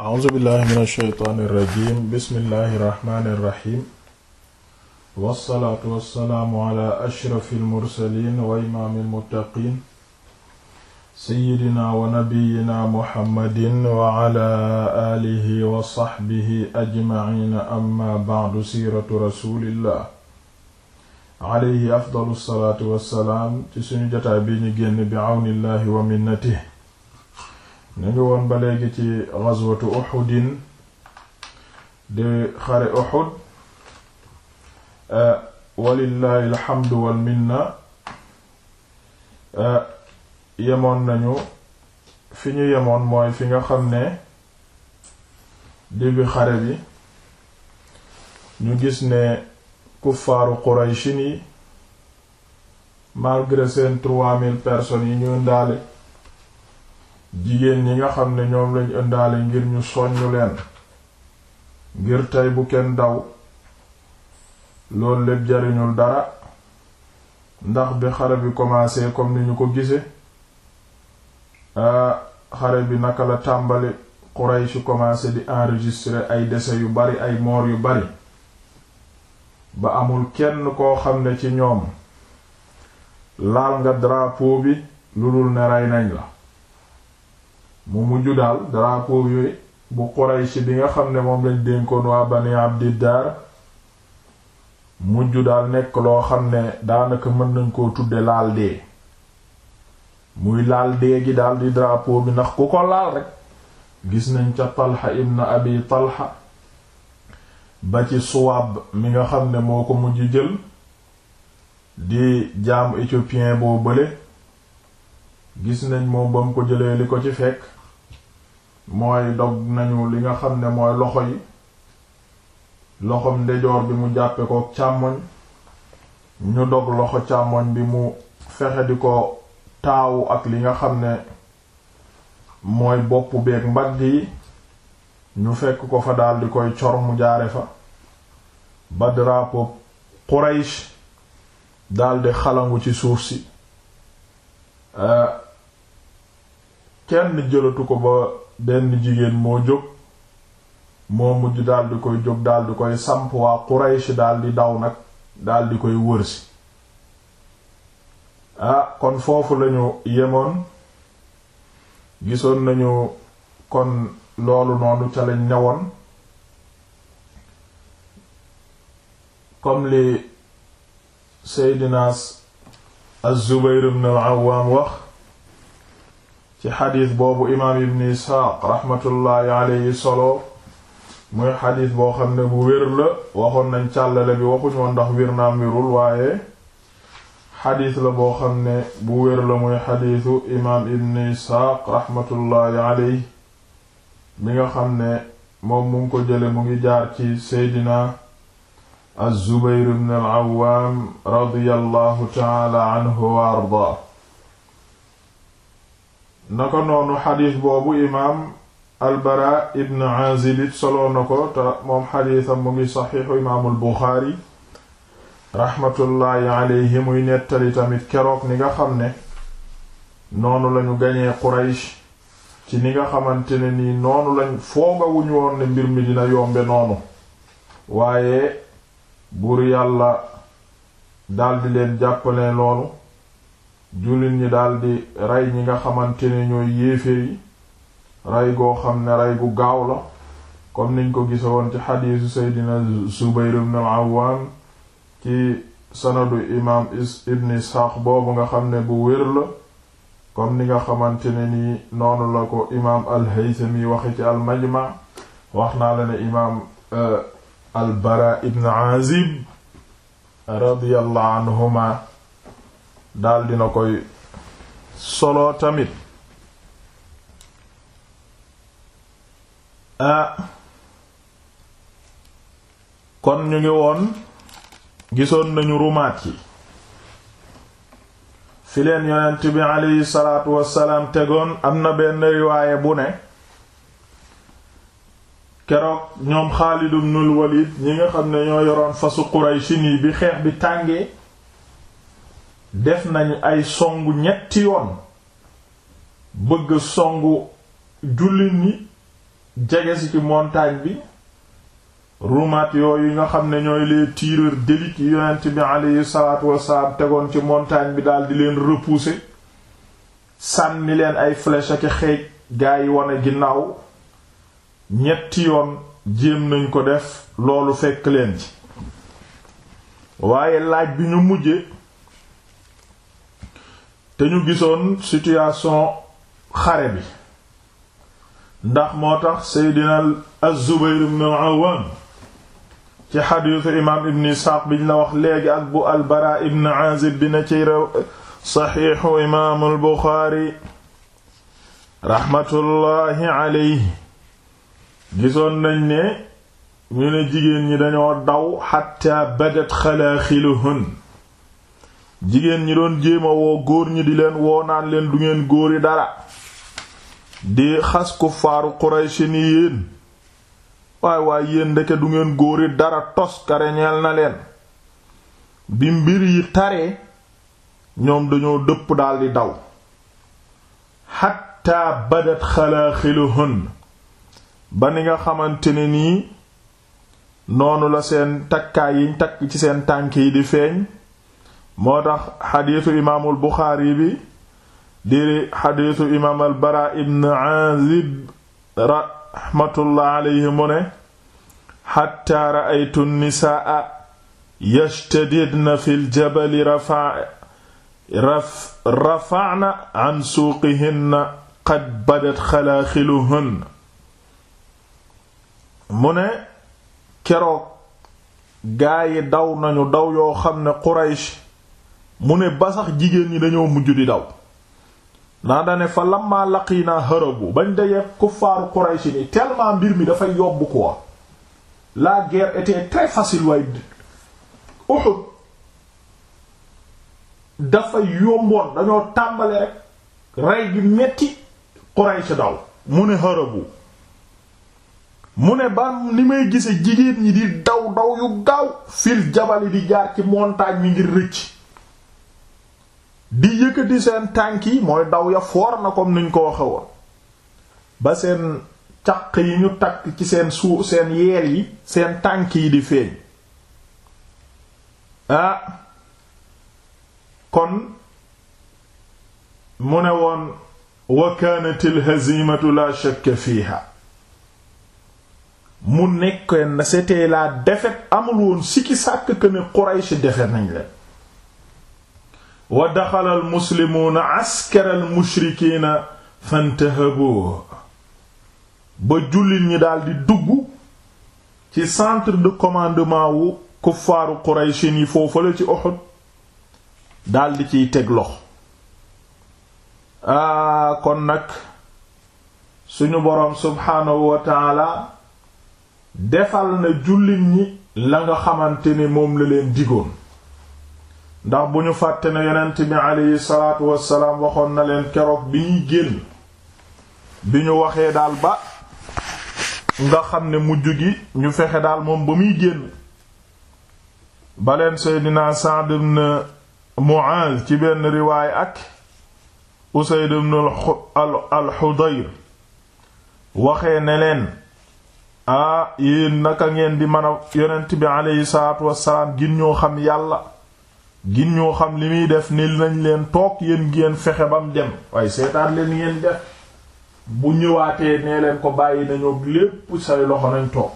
a'uuzu billahi min alsheytaani irrajim bismillahi irrahmani irrahim wassalaatu wassalaamu ala ashrafi almursalin wa imaami almuttaqin seyidina wa nabiyina muhammadin wa ala alihi wa saxbihi ajmaciin amma bacdu siiratu rasulillah alayhi afdalu salaatu wassalaam ci suñu jotaay bi ñu génn bi awnillahi wa minnatihi ñu ngi woon ba léegi ci ghazwatu Uhudin di xare Uhud eh, walillahi alhamdu wal eh, yemoon nañu fi ñu yemoon mooy fi nga xam ne début xare bi ñu gis ne kuffaaru Qurayshin yi malgré seen trois mille personnes yi ñu ndaale jigéen ñi nga xam ne ñoom lañu indaale ngir ñu soññu leen ngir tey bu kenn daw loolu lépp jariñul dara ndax bi xare bi commencé comme ni ñu ko gise a xare bi naka la tàmbali Quraysh commencé di enregistrer ay décès yu bari ay moor yu bari ba amul kenn koo xam ne ci ñoom laal nga drapeau bi lu dul ne rey nañ la mu mujj daal drapeau yooyu bu Quraysh bi nga xam ne moom lañ dénkoon waa di Abdiddar mujj daal nekk loo xam ne daanaka mën nañ koo tuddee laal dee muy laal dee gi daal di drapeau bi ndax ku ko laal rek gis nañ ca Talha ibn Abi Talha ba ci Suwaab mi nga xam ne moo ko mujj jël di jaamu éthiopien boo bële gis nañ moom ba mu ko jëlee li ko ci fekk mooy dog nañu li nga xam ne mooy loxo yi loxom ndejoor bi mu jàppe ko càmmoñ ñu dog loxo càmmoñ bi mu fexe di ko taawu ak li nga xam ne mooy bopp beeg mbagg yi ñu fekk ko fa daldi koy cor mu jaare fa ba drapeau Quraysh daldi xalangu ci suuf si eh, kenn jëlatu ko ba benn jigéen moo jóg moo mujj daldi koy jóg daldi koy samp waa Quraysh daldi daw nag daldi koy wërsi ah kon foofu lañu yemoon gisoon nañu kon loolu noonu ca lañ newoon comme li Seydina Az-Zubayr ibn al-Awwam wax ci xadis boobu imaam ibn isxaaq raxmatullaahi alayhi solo mooy xadis boo xam ne bu wér la waxoon nañ càllale bi waxuñ woon ndax wér naam wérul waaye xadis la boo xam ne bu wér la muy xadisu imaam ibn isxaaq raxmatullaahi alayhi mi nga xam ne moom mu ko jële mu ngi jaar ci seydina az-zubayr ibn al-awwaam radiyallaahu taala anhu wa ardaa na ko noonu xadiis boobu imaam albara ibn azib it na ko te moom xadiisam mu ngi saxiixu imaamul buxaari raxmatullaahi aleyhi muy nettali tamit keroog ni nga xam ne noonu lañu gañee quraysh ci ni nga xamante ne nii noonu lañ foogawuñu woon ne mbir mi dina yombe noonu waaye buur yàlla daldi leen jàppale loolu jullit ñi di rey ñi nga xamante ne ñooy yéeféer yi rey goo xam ne rey gu gaaw la comme niñ ko gise woon ci xadiisu seydina Zubayr ibn al-Awwam ci sanadu imaam ibn Isxaaq boobu nga xam ne bu wér la comme ni nga xamante ne ni noonu la ko imaam al-Haythami waxe ci al-Majma wax naa la ne imaam euh, al-Bara ibn Azib radiyallahu anhuma daldi na koy solo tamit ah kon ñu ngi woon gisoon nañu rumaat yi fi leen yonent bi aleyhi salaatu wassalaam tegoon am na benn riwaaye bu ne keroog ñoom Xaalid ibnul Walid ñi nga xam ne ñoo yoroon fasu Qurayshi nii bi xeex bi tàngee def nañu ay songu ñetti yoon bëgg songu jullit ñi jege ci montagne bi rumaat yooyu nga xam ne ñooy les tireurs d'élite yi yonent bi aleyhi salaatu wasalaam tegoon ci montagne bi daal di leen repousser sànni leen ay flèches ak xeej gaa wane ginnaaw ñetti yoon jéem nañ ko def loolu fekk leen ci waaye laaj bi ñu mujje te ñu gisoon situation xare bi ndax moo tax seydina az-Zubayr ibn al-Awwam ci xadiisu imaam ibn Isxaaq biñ la wax léegi ak bu al-Baraa ibn Aazib bi na ci rew saxiixu imaamul Buxaari raxmatullaahi alayhi gisoon nañ ne ñu ne jigéen ñi dañoo daw xatta badat xalaaxiluhun jigéen ñi doon jéema woo góor ñi di leen woo naan leen du ngeen góori dara di xas ku faaru Quraysh ni yéen waay waay yéen ndeke du ngeen góor yi dara tos kareñeel na leen bi mbir yi taree ñoom dañoo dëpp daldi daw xatta badat xalaaxiluhun ba ni nga xamante ne nii noonu la seen takkaay yiñ takk ci seen tànk yi di feeñ moo tax xadiisu imaamul buxaari bi di xadiisu imaam al bara ibn azib raxmatullah alayhi mu ne xatta raaytu nisaa yashtadidna fi ljabali rafana an suuqihinna qad badat xalaaxiluhun mu ne keroog gaa yi daw nañu daw yoo xam ne quraysh mu ne basax jigéen ñi dañoo mujj di daw naa dane fa lamma laqina harabu bañ dajee kuffaaru Quraysh ni tellement mbir mi dafay yobbu quoi la guerre était très facile waaye Uhud dafa yomboon dañoo tàmbale rey gi metti Quraysh daw mu ne harabu mu ne ba ni may gise jigéen ñi di daw daw yu gaaw fil jabali di jaar ci montagne mi ngir rëcc di yëkkati seen tànk yi mooy daw ya foor na comme niñ ko waxe ba seen caq yi ñu takk ci seen suuf seen yeel yi seen tànk yi di feeñ ah kon mu ne woon wa kaanat alhazimatu la shakka fiiha mu nekkoon na c'était la défaite amul woon sikki sàkk que ne Quraysh defe nañ leen wa daxala almuslimuuna askara almushrikiina fantahabu ba jullit ñi daldi dugg ci centre de commandement wu kuffaaru quraychin yi foofa la ci Uhud daldi ciy teg lox aa ah, kon nag suñu boroom subhaanahu wa defal na jullit ñi la nga xamante ne moom la leen digoon ndax bu ñu fàtte ne yonent bi aleyhi salaatu wassalaam waxoon na leen keroog bi ñuy génn bi ñu waxee daal ba nga xam ne mujj gi ñu fexe daal moom ba muy génn ba leen seydina Sa'd ibn Mu'az ci benn riwaay ak Usayd ibn al waxee ne leen aa ah, yéen naka ngeen di mën a yonent bi aleyhi salaatu wassalaam gin ñoo xam yàlla gin ñoo xam li muy def ni nañ leen toog yéen ngeen fexe bam dem waaye seetaan leen ngeen def bu ñëwaatee nee leen ko bàyyi nañoo lépp say loxo nañ toog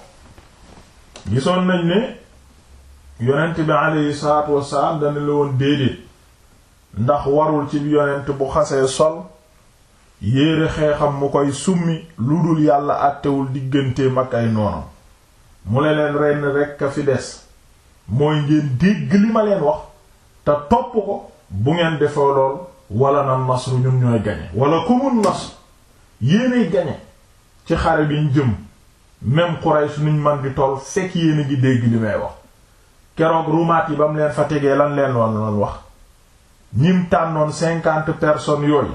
gisoon nañ ne yonent bi aleyhi salaatu wasalaam la woon déedéet ndax warul ci yonent bu xasee sol yéere xeexam mu koy summi lu dul yàlla àttewul digganteem ak ay noonam mu ne leen ren rekk a fi des mooy ngeen dégg li ma leen wax te topp ko bu ngeen defee lool wala na nasru ñun ñooy gañe wala kumun nasr yéenay gañe ci xare bi ñu jëm même Quraysh nuñ man di toll fekk yéen a dégg li may wax keroog rumaat yi ba mu leen fa tegee lan leen wan wax ñim tànnoon cinquante personnes yooyu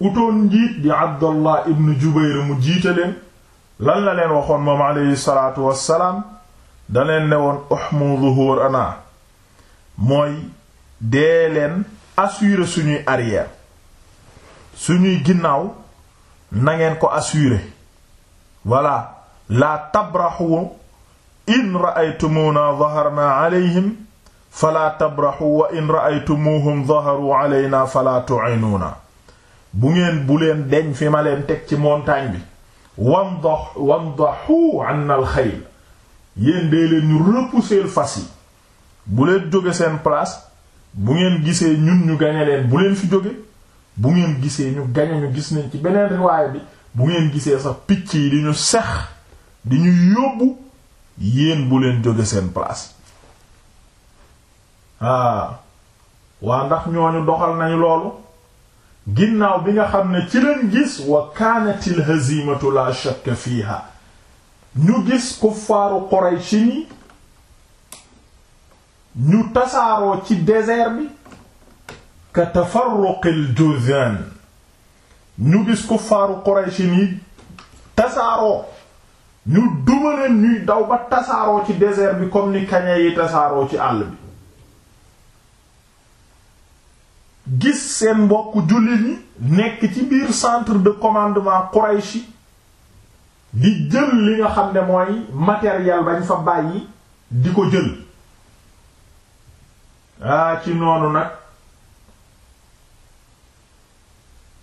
utoon njiit di Abdallah ibn Jubayr mu jiite leen lan la leen waxoon moom aleyhi salaatu wassalaam da leen ne woon uhmu zuhur ana mooy dee leen assurer suñuy arrière suñuy ginnaaw nangeen ko assurer voilà laa tabraxu in ra'aytumuna dhaharna alayhim fala tabraxu wa in ra'aytumuhum dhaharu alayna fala tu'inuna bu ngeen bu leen deñ fi ma leen teg ci montagne bi wamdahu wamdahu anna al xayl yéen dee leen ñu repousser fas yi bu leen jóge seen place bu ngeen gisee ñun ñu gañe leen bu leen fi jóge bu ngeen gisee ñu gañe ñu gis nañ ci beneen riwaay bi bu ngeen gisee sax picc yi di ñu sex di ñu yóbbu yéen bu leen jóge seen place ah waa ndax ñooñu doxal nañu loolu ginnaaw bi nga xam ne ci leen gis wa kaanatil hazimatu la shakka fiiha ñu gis kuffaaru Qurayshi ni ñu tasaaroo ci désert bi ka tafarruqil juzan ñu gis ko faaru Quraysh yi tasaaroo ñu duma ñuy daw ba tasaaroo ci désert bi comme ni kaña yi tasaaroo ci àll bi gis seen mbokk jullit ñi nekk ci biir centre de commandement Quraysh di jël li nga xam ne mooy matériel bañ fa bàyyi di ko jël ah ci noonu nag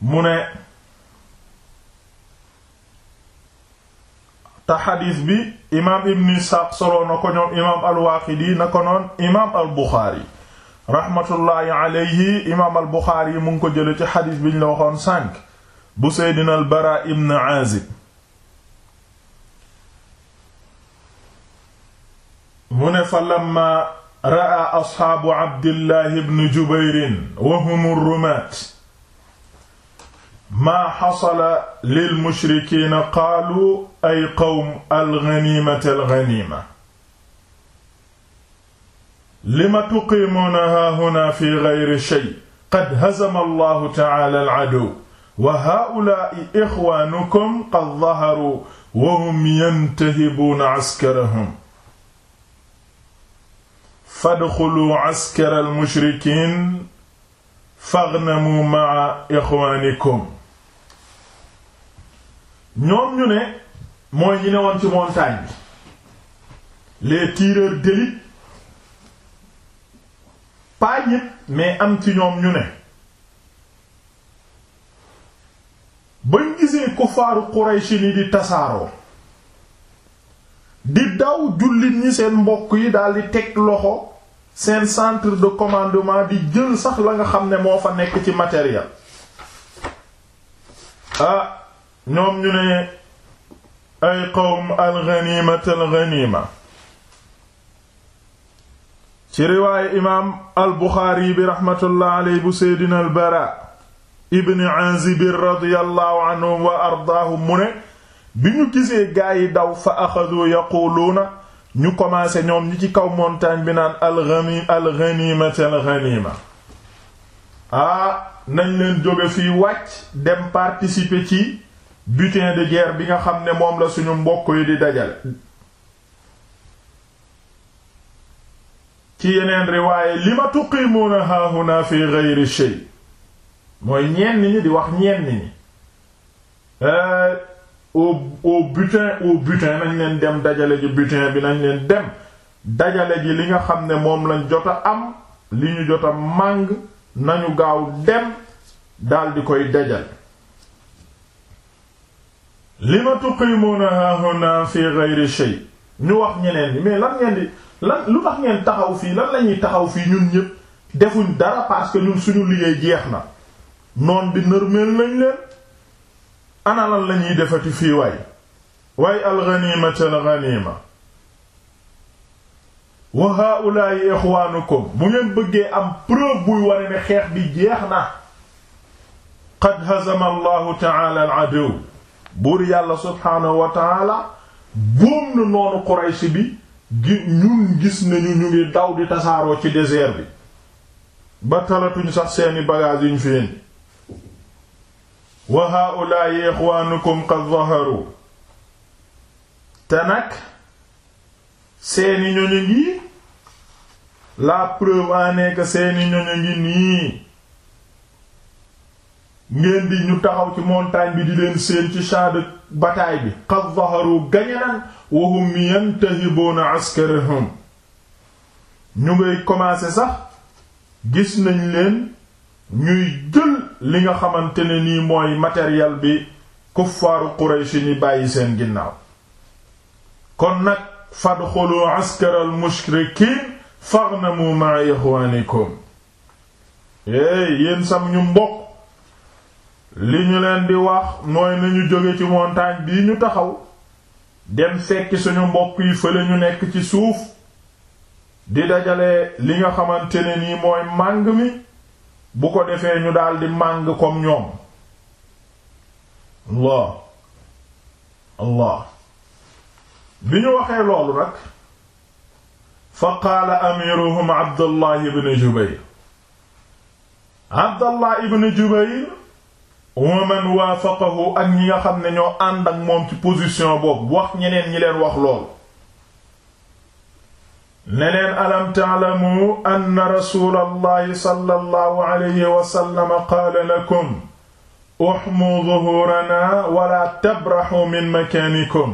mu ne te bi imaam ibn Isxaaq solo na ñoom imaam al-Waaqidi noon imaam al-Buxaari rahmatullahi alayhi imaam al-Buxaari yi mu ngi ko jële ci xadiis bi ñu la bu Seydina al ibn Aazib mu fa lamma raa asxaabu abdillahi bn jubairin wa hum rumaat maa xasala lil mushrikiina qaalu ay qawm alganiimata alganiima lima tuqiimuuna haahuna fi gayri shay qad hazama allahu tacaala aladow wa haa'ulaa'i ixwaanukum qad daharuu wa hum yantahibuuna askarahum fadxulu askara almushrikin faghnamu ma'a ixwaanikum ñoom ñu ne mooy ñi ne woon ci montagne bi les tireurs d'élite pas ñépp am ci ñoom ñu ne bañ gisee kufaaru Quraysh ni di tasaaroo di daw jullit ñi seen mbokk yi daldi teg loxo seen centre de commandement bi jël sax la nga xam ne moo fa nekk ci matériel ah ñoom ñu ne ay qawm alganimat alganima ci riwaaye imaam al buxaari bi raxmatullah bu seydina al bara ibni azibir radiallahu anhum wa ardaahum mu ne bi ñu gisee gaa yi daw fa axadu yaquluuna ñu commencé ñoom ñi ci kaw montagne bi naan alghani alghanimati alghanima ah nañ leen jóge fii wàcc dem participer ci butin de guerre bi nga xam ne moom la suñu mbokk yi di dajale ci yeneen riwaaye li ma tuqimuuna haahuna fi ghayri shay mooy ñenn ñi di wax ñenn ñi eh, au au butin au butin nañ leen dem dajale ji butin bi nañ leen dem dajale ji li nga xam ne moom lañ jot a am li ñu jot a màng nañu gaaw dem daldi koy dajal li ma tuqimuuna hahuna fi ghayri shay ñu wax ñeneen ñi mais lan ngeen di lan lu tax ngeen taxaw fii lan la ñuy taxaw fii ñun ñépp defuñ dara parce que ñun suñu liggéey jeex na noon bi nërmeel nañ leen ana lañuy la ñuy defati fii waay waaye alxaniimata alxaniima wa haa'ulaa'i ixwaanukum bu ngeen bëggee am preuve buy ware xeex bi jeex na qad hazama allahu ta'ala al-aduw buur yàlla subhaanahu wa ta'ala buum na noonu Quraysh bi ñun gis nañu ñu ngi daw di tasaaroo ci désert bi ba sax seeni bagages yuñ wa haa'ulaa'i ixwaanukum qad zaharu te nag seeni ñoñu ngi la preuve en est seeni ñoñu ngi nii ngeen di ñu taxaw ci montagne bi di leen seen ci champ de bataille bi qad zaharu gañe nan wa hum yantahibuuna askarahum ñu ngay commencer sax gis nañ leen ñuy jël li nga xamante ne nii mooy matériel bi kuffaaru Quraysh ni bàyyi seen ginnaaw kon nag fadxulu askaral mushrikiin faghnamu ma'a ixwaanikum éy yéen sam ñu mbokk li ñu leen di wax mooy nañu jóge ci montagne bii ñu taxaw dem fekki suñu mbokk yi fële ñu nekk ci suuf di dajale li nga xamante ne nii mooy màng mi bu ko defee ñu daldi màng comme ñoom Allah Allah bi ñu waxee loolu nag fa qaala amiruhum Abdullah ibn Jubayr Abdallah ibn Jubayr wa man waafaqahu ak ñi nga xam ne ñoo ànd ak moom ci position boobu wax ñeneen ñi leen wax loolu ne leen alam taalamu anna rasulallahi sallallahu alayhi wa sallam qaala lakum uxmuu zuhuuranaa wala tabraxuu min makaanikum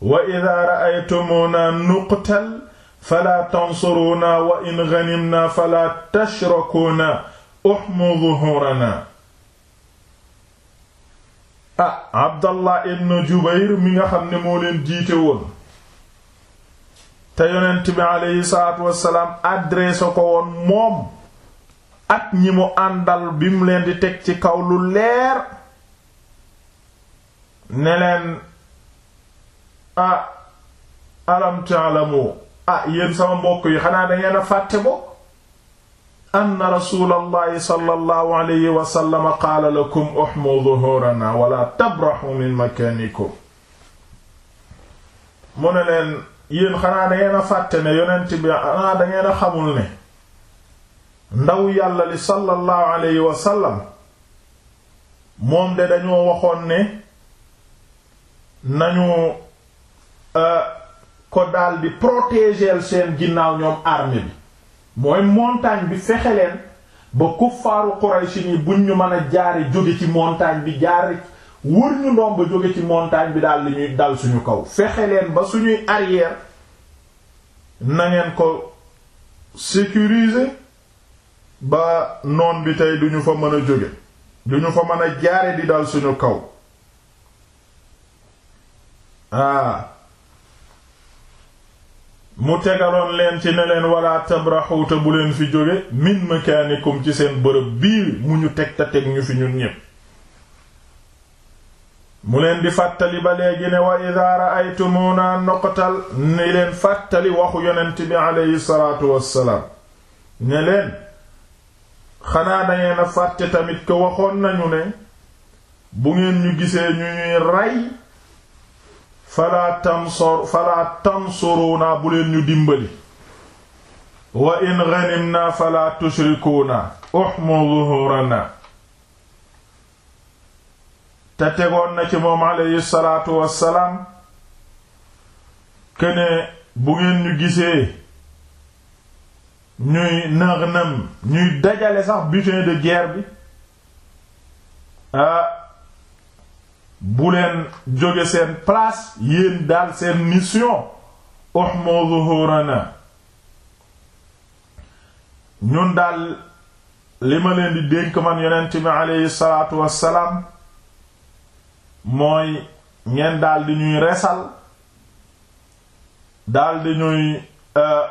wa idaa ra'aytumuunaa nuqtal falaa tansuruunaa wa in ganimnaa falaa tashrakuunaa uxmuu zuhuuranaa ah Abdallah ibn Jubayr mi nga xam ne moo leen jiite woon te yonent bi aleyhi salaatu wassalaam adressé ko woon moom ak ñi mu àndal bi mu leen di teg ci kaw lu leer ne leen ah alam ta'lamu ah yéen sama mbokk yi xanaa dangeen a fàtte bo anna rasulallahi sallallahu alayhi wa sallam qaala lakum uhmu zuhurana wala tabrahu min makanikum mu ne leen yéen xanaa dangeen a fàtte ne yonent bi xanaa ah, dangeen a xamul ne ndaw yàlla li sallallahu alayhi wa sallam moom de dañoo waxoon ne nañu euh, ko daldi protéger seen ginnaaw ñoom armée bi mooy montagne bi fexe leen ba kuffaaru Quraysh ni buñ ñu mën a jaari jóge ci montagne bi jaare wër ñu ndoom ba jóge ci montagne bi daal li ñuy dal suñu kaw fexe leen ba suñuy arrière nangeen ko sécuriser ba noon bi tey duñu fa mën a jóge duñu fa mën a jaare di dal suñu kaw aa ah. mu tegaloon leen ci ne leen wala tabraxuuta bu leen fi jóge min makaanikum ci seen bërëb biir mu ñu teg ta teg ñu fi ñun ñépp mu leen di fàttali ba léegi ne wa idaa ra'aytumuuna nuqtal ni leen fàttali waxu yonent bi aleyhi salaatu wassalaam ne leen xanaa dangeen a fàtte tamit ko waxoon nañu ne bu ngeen ñu gisee ñu ñuy rey falaa tansor falaa bu leen ñu dimbali wa in ghanimnaa falaa tushrikuunaa uhmu zuhuranaa te tegoon na ci moom aleyhi salaatu wassalaam këne bu ngeen ñu gisee ñuy nagnam ñuy dajale sax butin de guerre bi ah bu leen jóge seen place yéen daal seen mission ohmo zuhurana ñun daal li ma leen di dénk man yonent bi aleyhi salaatu wassalaam mooy ngeen daldi ñuy resal daldi ñuy euh,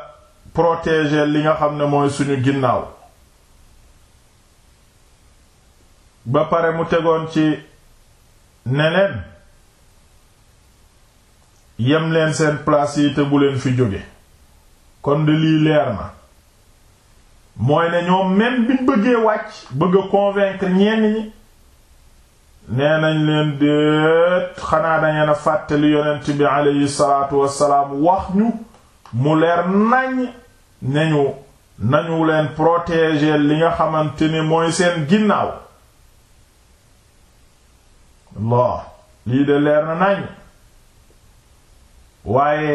protéger li nga xam ne mooy suñu ginnaaw ba pare mu tegoon ci ne leen seen place yi te bu leen fi jóge kon de leer na mooy ne ñoom même biñ bëggee wàcc bëgg a convaincre ñi nee nañ leen déet xanaa dangeen a fàttali yonent bi aleyhi salaatu wassalaam wax ñu mu leer nañ nañu nañu leen protéger li nga xamante ni mooy seen ginnaaw Allah lii de leer na nañ waaye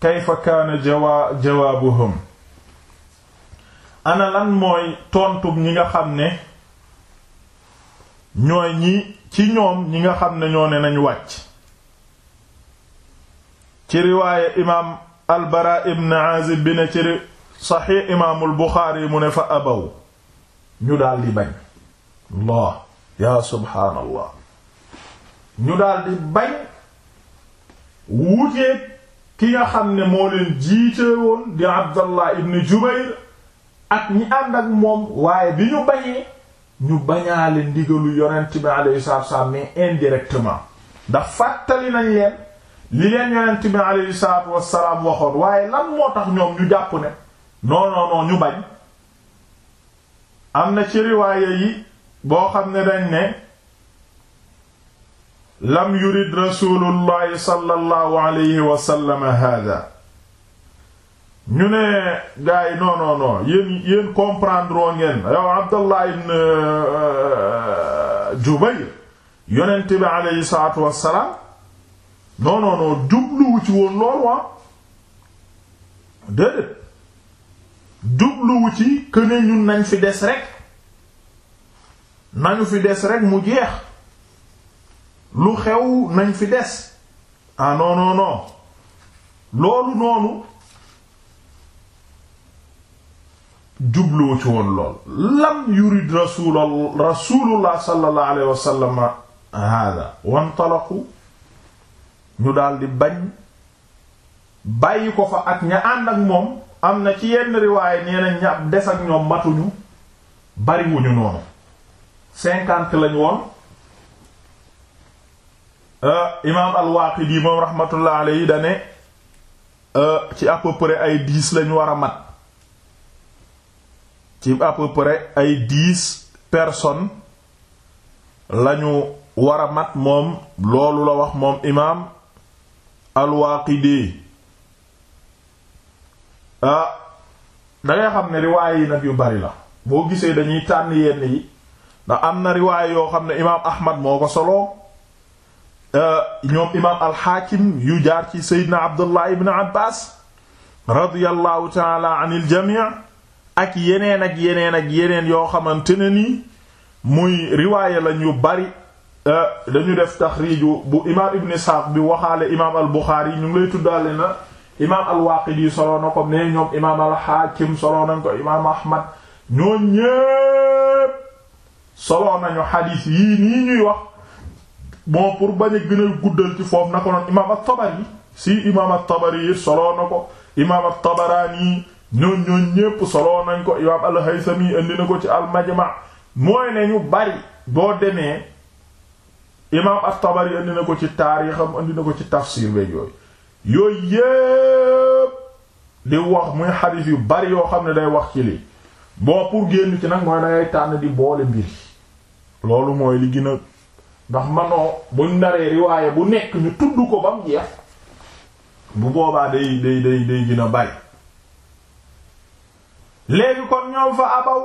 kayfa kaana jawaa jawaabuhum ana mooy tontub ñi nga xam ne ñooy ñi ci ñoom ñi nga xam ne ñoo ne nañu wàcc ci riwaaya imaam albara ibn azib bi ne ci saxix imaamul buxaari mu ne fa abaw ñu daal di bañ allah ya subhaanallah ñu daal di bañ wuuteeg ki nga xam ne moo leen jiite woon di abdallah ibn jubair ak ñi ànd ak moom waaye bi ñu bañee ñu bañaale ndigalu yonent bi alayhi salaatu wasalaam mais indirectement ndax fàttali nañ leen li leen yonent bi alayhi waxoon waaye lan moo tax ñoom ñu jàpp ne non ñu bañ am na ci riwaaya yi boo xam ne dañ ne lam yurid rasulullahi sallallahu alayhi wa sallam ñu ne gars yi non non non yéen yéen comprendre ngeen yow Abdallah ibn euh, Jubayr yonent bi aleyhi salaatu wassalaam non non non jubluwu ci woon loolu wa ah. déedéet jubluwu ci que ne ñun nañ fi des rek nañu fi des rek mu jeex lu xew nañ fi des ah non non non loolu noonu. jubluwu ci woon lool lam yurid rasul rasulullah sallallahu alayhi wa sallam hada ñu daldi bañ bàyyi ko fa ak ña ànd ak moom am na ci yenn riwaaye nee na ña des ak ñoom matuñu bariwuñu noonu cinquante lañ woon euh, imaam al-Waaqidi moom rahmatullah alayhi dane euh, ci à peu ay diis lañu war a mat ci à peu ay diis personnes lañu wara mat moom loolu la wax moom imaam al-Waaqidi ah, xam ne riwaay yi nag yu bari la boo gisee dañuy tànn yenn yi ndax am na riwaay yoo xam ne imaam Ahmad moo ko solo ah, ñoom imaam al yu jaar ci Seydina Abdullah ibn Abbas radiyallahu ta'ala anil jami' ak yeneen ak yeneen ak yeneen yoo xamante ne nii muy riwaaya lañ yu bari euh, dañu def taxriiju bu imaam ibn Isxaaq bi waxaale imaam al Buxaari ñu ngi lay na imaam al Waaqidi soloo na ko mais ñoom imaam al Xaakim soloo nañ ko imaam nañu xadiis yii nii ñuy wax bon pour bañ a gën guddal ci foofu na ko noonu imaam at-Tabari si imaam at-Tabari soloo na ko imaam at-Tabaraani ñoon ñëpp solo nañ ko imaam al-Haythami indi na ko ci al-Majma mooy ne ñu bari boo demee imaam at-Tabari indi na ko ci taarixam indi na ko ci tafsir beeg yooyu yooyu yépp di wax muy xadiis yu bari yoo xam ne day wax ci lii bon pour génn ci nag mooy dangay tànn di boole mbir loolu mooy li gën a ndax manoo buñ naree riwaaye bu nekk ñu tudd ko ba mu jeex bu boobaa day day day day gën a bari léegi kon ñoom fa abaw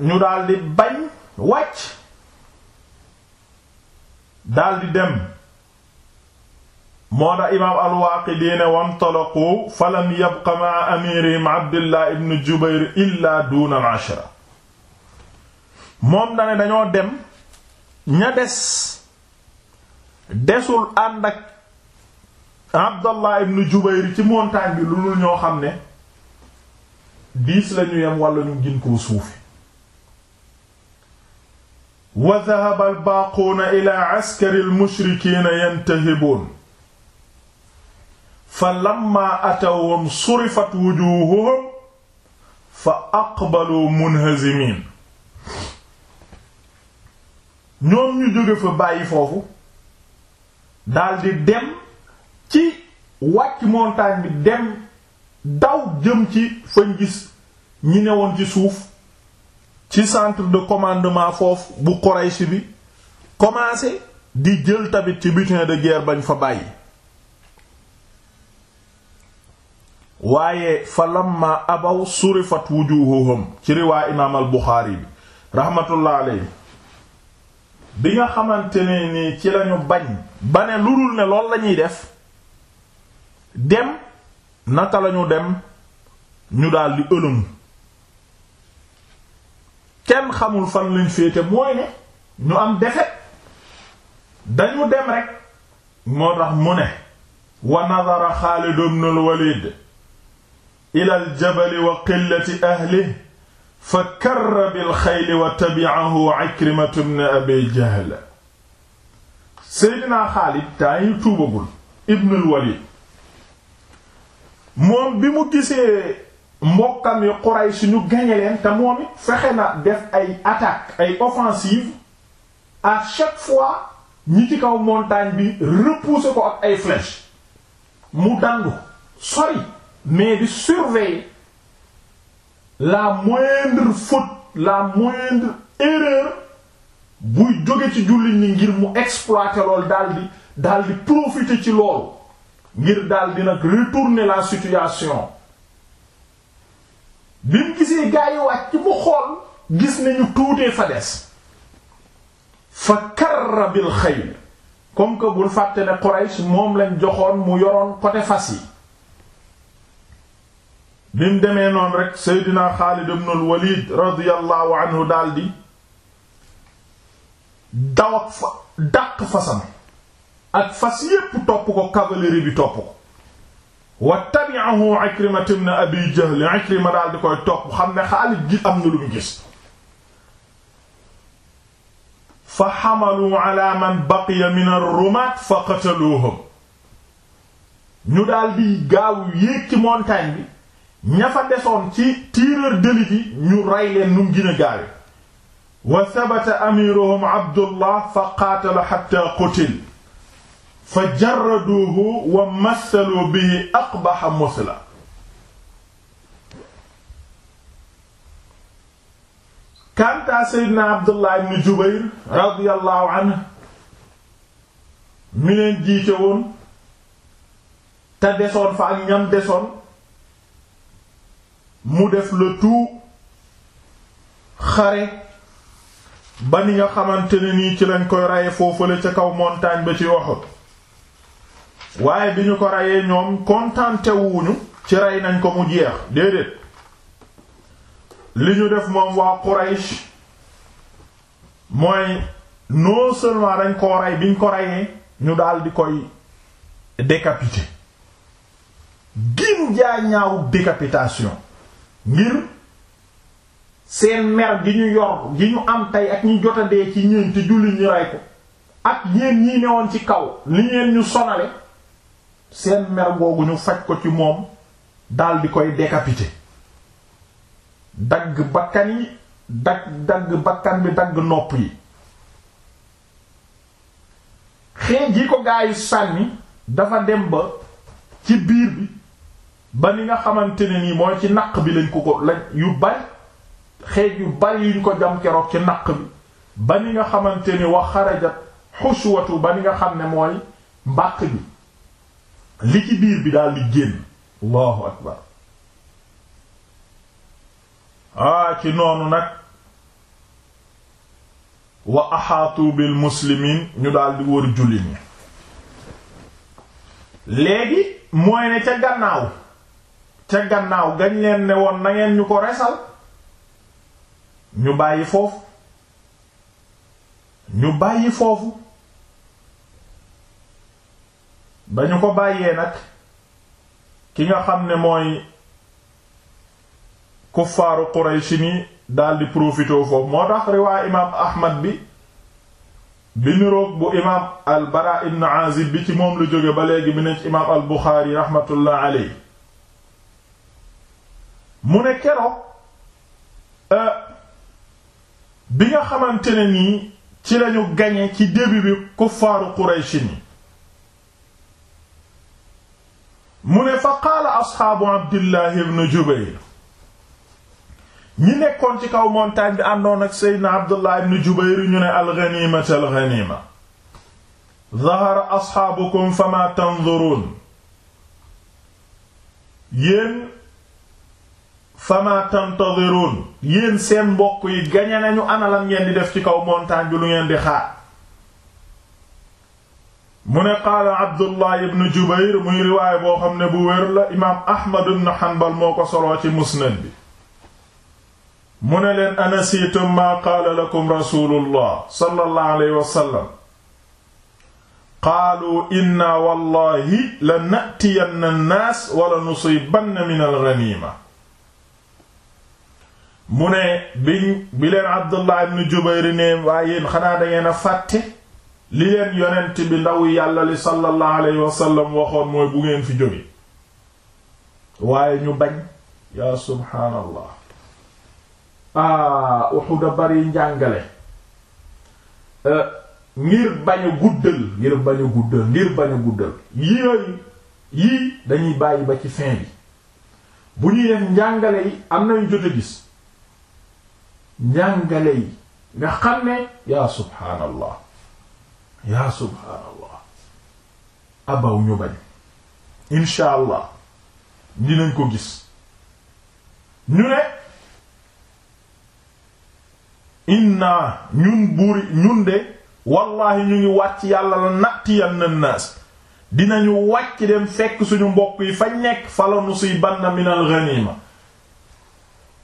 ñu daldi bañ wàcc daldi dem moo tax imaam al-Waaqidi ne wantalaqu falam yabqa ma'a amirihim Abdullah ibn Jubayr illa duna al moom dane dañoo dem ña des desul ànd ak Abdullah ibn Jubayr ci montagne bi lu dul ñoo xam ne diis lañu yem wala ñu gën koo suufi wa dhahaba albaaquuna ila askari almushrikiina yantahibuun fa lamma ataw wam surifat wujuuhuhum fa aqbalu munhazimiin ñoom ñu jóge fa bàyyi foofu daldi dem ci wàcc montagne bi dem daw jëm ci fañ gis ñi newoon ci suuf ci centre de commandement foofu bu Quraysh bi commencé di jël tamit ci butin de guerre bañ fa bàyyi waaye fa lamma abaw surifat wujuhuhum ci riwaa imaam al Buxaari bi rahmatullah alayhi bi nga xamante ne ni ci lañu bañ ba ne lu dul ne loolu lañuy def dem naka lañu dem ñu daldi ëlëm kenn xamul fan lañ féete mooy ne ñu am defet dañu dem rek moo tax mu ne wa nadara Xaalid ibn al-Walid ila al wa qillati ahlihi fa karra bil-xayli wa tabi'ahu Ikrimatu ibn Jahl Seydina Xaalid taa yi tuubagul ibn al-Walid moom bi mu gisee mbokkam yi Quraysh ñu gañe leen te moom it fexe na def ay attaque ay offensive à chaque fois ñi ci kaw montagne bi repousser ko ak ay flèches mu dandu sori mais di surveiller la moindre faute la moindre erreur buy jóge ci jullit ñi ngir mu exploiter loolu daldi daldi profiter ci loolu ngir daal di nag retourner la situation bi mu gisee gaa yi wàcc mu xool gis ne tuutee fa des fa karra bil xayl fàtte ne Quraysh moom leen joxoon mu yoroon côté fas yi bi mu demee noonu rek Seydina Xaalid ibnul Walid radiyallahu anhu daldi dawak fa dàq fasam ak fas yépp topp ko cavalerie bi topp ko wa tabi'ahu Ikrima ibn Abi Jahl Ikrima daal di koy topp xam ne Xaalid gi am na lu gis fa xamalu ala man baqiya min ar-rumaat fa qataluuhum ñu daal di gaaw yéeg ci montagne bi ña fa ci tireur d'élite yi ñu rey leen nu gaawe wa sabata amiruhum Abdullah fa qaatala hatta qutil fa jarraduuhu wa massalu bihi aqbaha musla kanta seydna abdullah ibn jubair radiyallahu anhu mi leen jiite woon te desoon fa ak ñam desoon mu def le tout xare ba ni nga xamante ni nii ci lañ koy raye foofale ca kaw montagne ba ci Uhud waaye bi ñu ko reyee ñoom kontante ci rey nañ ko mu jeex déedéet li ñu def moom waa Quraysh mooy non seulement dañ koo rey biñ ko reyee ñu daldi koy décapité gin jaa ñaaw décapitation ngir seen mer gi ñu yor gi ñu am tey ak ñu jotadee ci ñeenti julli ñu rey ko ak ñeen ñi newoon ci kaw li ñeen ñu sonale seen mer googu ñu faj ko ci moom daldi koy décapiter dagg bakkan yi dagg dagg bakkan bi dagg nopp yi xeej yi ko gaayu sànni dafa dem ba ci biir bi ba ni nga xamante ni nii mooy ci naq bi lañ ko ko lañ yu bari xeej yu bari yuñ ko jam keroog ci naq bi ba ni nga xamante ni wax xarajat xuswatu ba ni nga xam ne mooy mbàq gi li ci biir bi daal génn allahu akbar aa ah, ci noonu nag wa axaatu bil muslimiin ñu daldi di wër jullit ñi léegi mooy ne ca gannaaw ca gannaaw gañ leen ne woon na ñu ko resal ñu bàyyi foofu ñu bàyyi foofu ba ñu ko bàyyee nag ki nga xam ne mooy kuffaaru Quraysh daldi profité foofu moo tax riwaay imaam Ahmad bi bi niroog bu imaam al Bara ibn Azib bi ci moom lu jóge ba léegi bi ne ci imaam al Buxaari rahmatullah aley mu ne keroog euh, bi nga xamante ne nii ci lañu gañe ci début bi kuffaaru Quraysh mu ne fa qaala asxaabu abdillahi ibn jubayr ñi nekkoon ci kaw montagne bi àndoon ak seydna abdullah ibn jubayr ñu ne alganimata alganima dahara asxaabukum fama tanzuruun yéen fama tantaziruun yéen seen mbokk yi gañe nañu analam ngeen di def ci kaw montagne bi lu ngeen di xaar mu ne qaala Abdullah ibn Jubayr muy riwaay boo xam ne bu wér la imaam Ahmad ibn Hanbal moo ko soloo ci musnad bi mu ne leen anasiitum maa qaala lakum rasulullah sallallahu alayhi wa sallam qaalu inna wallahi la natiyanna an-naas wa la nusiibanna min al-ghaniima mu ne bi bi leen Abdullah ibn Jubayr ne waa yéen xanaa dangeen a fàtte li leen yonent bi ndaw yàlla li sallallahu alayhi wasallam waxoon mooy bu fi jóge waaye ñu bañ yaa subhaanallah aa ah, a bari njàngale eh, ngir bañ a guddal ngir bañ guddal ngir bañ guddal yii yii dañuy bàyyi ba ci fin bi bu ñuy def njàngale yi am nañu jot a gis njàngale yi nga xam ne yaa subhaanallah yaa subhaanallah abaw ñu bañ incha dinañ ko gis ñu ne inna ñun buuri ñun de wallahi ñu ngi wàcc yàlla la nattiyan na naas dinañu wàcc dem fekk suñu mbokk yi fa nekk fala nusibanna min al ghanima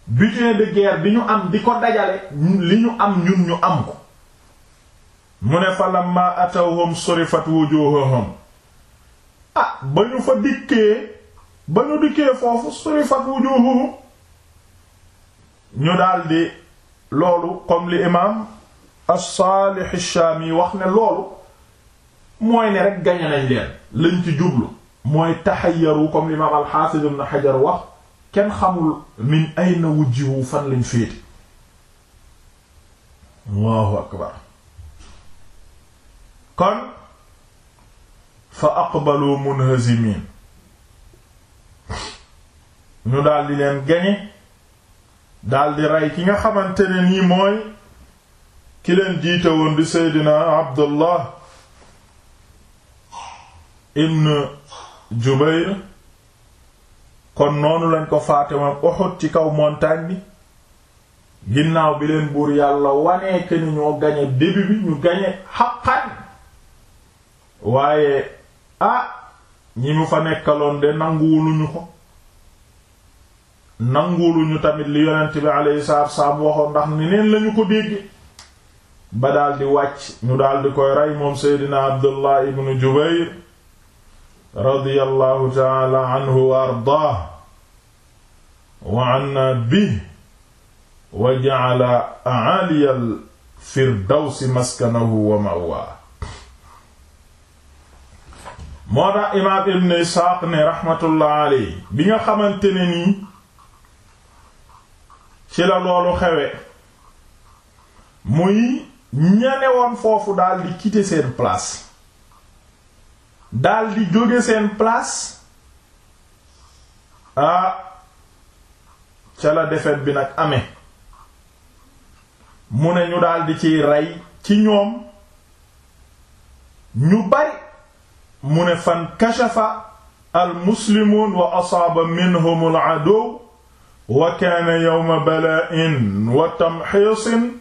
butin de bi ñu am di ko dajale li ñu am ñun ñu am ko mu ne fa lamma atawhum surifat wujuhahum ah ba ñu fa dikkee ba ñu dikkee foofu surifat wujuhahum ñu daldi loolu comme li imaam as-Salih wax ne loolu mooy ne rek gañe nañ leen lañ ci jublu mooy taxayaru comme li imaam al-Hafiz ibn Hajar wax kenn xamul min ayna wujjiwu fan lañ féete Allahu akbar kon fa aqbalu munhazimin ñu daldi leen gañe daldi rey ki nga xamante ne nii mooy ki leen jiite woon di seydina abdullah ibn jubayr kon noonu lañ ko faate moom ci kaw montagne bi ginnaaw bi leen buur yàlla wanee ke ni ñoo gañe début bi ñu gañe xaqan waaye ah ñi mu fa nekkaloon de nanguwuluñu ko nanguwuluñu tamit li yonent bi alayhi salaatu waxoon ndax ni neen lañu ko dégg ba daldi wàcc ñu daldi koy rey seydina abdullah ibnu jubayr radiyallahu taala ardaah wa anna bi wa ja'ala a'aliyal firdawsi maskanahu wa ma'waa moo tax imaam ibn Isxaaq ne raxmatullah alayhi bi nga xamante ne nii ci la loolu xewe muy ñanewoon foofu daldi quitter seen place daldi jóge seen place ah ca la defet bi nag amee mu ne ñu daldi ciy rey ci ñoom ñu bari mune ne fan kashafa al wa asaaba minhum al adow wa kaana yawma balaa'in wa tamxiisin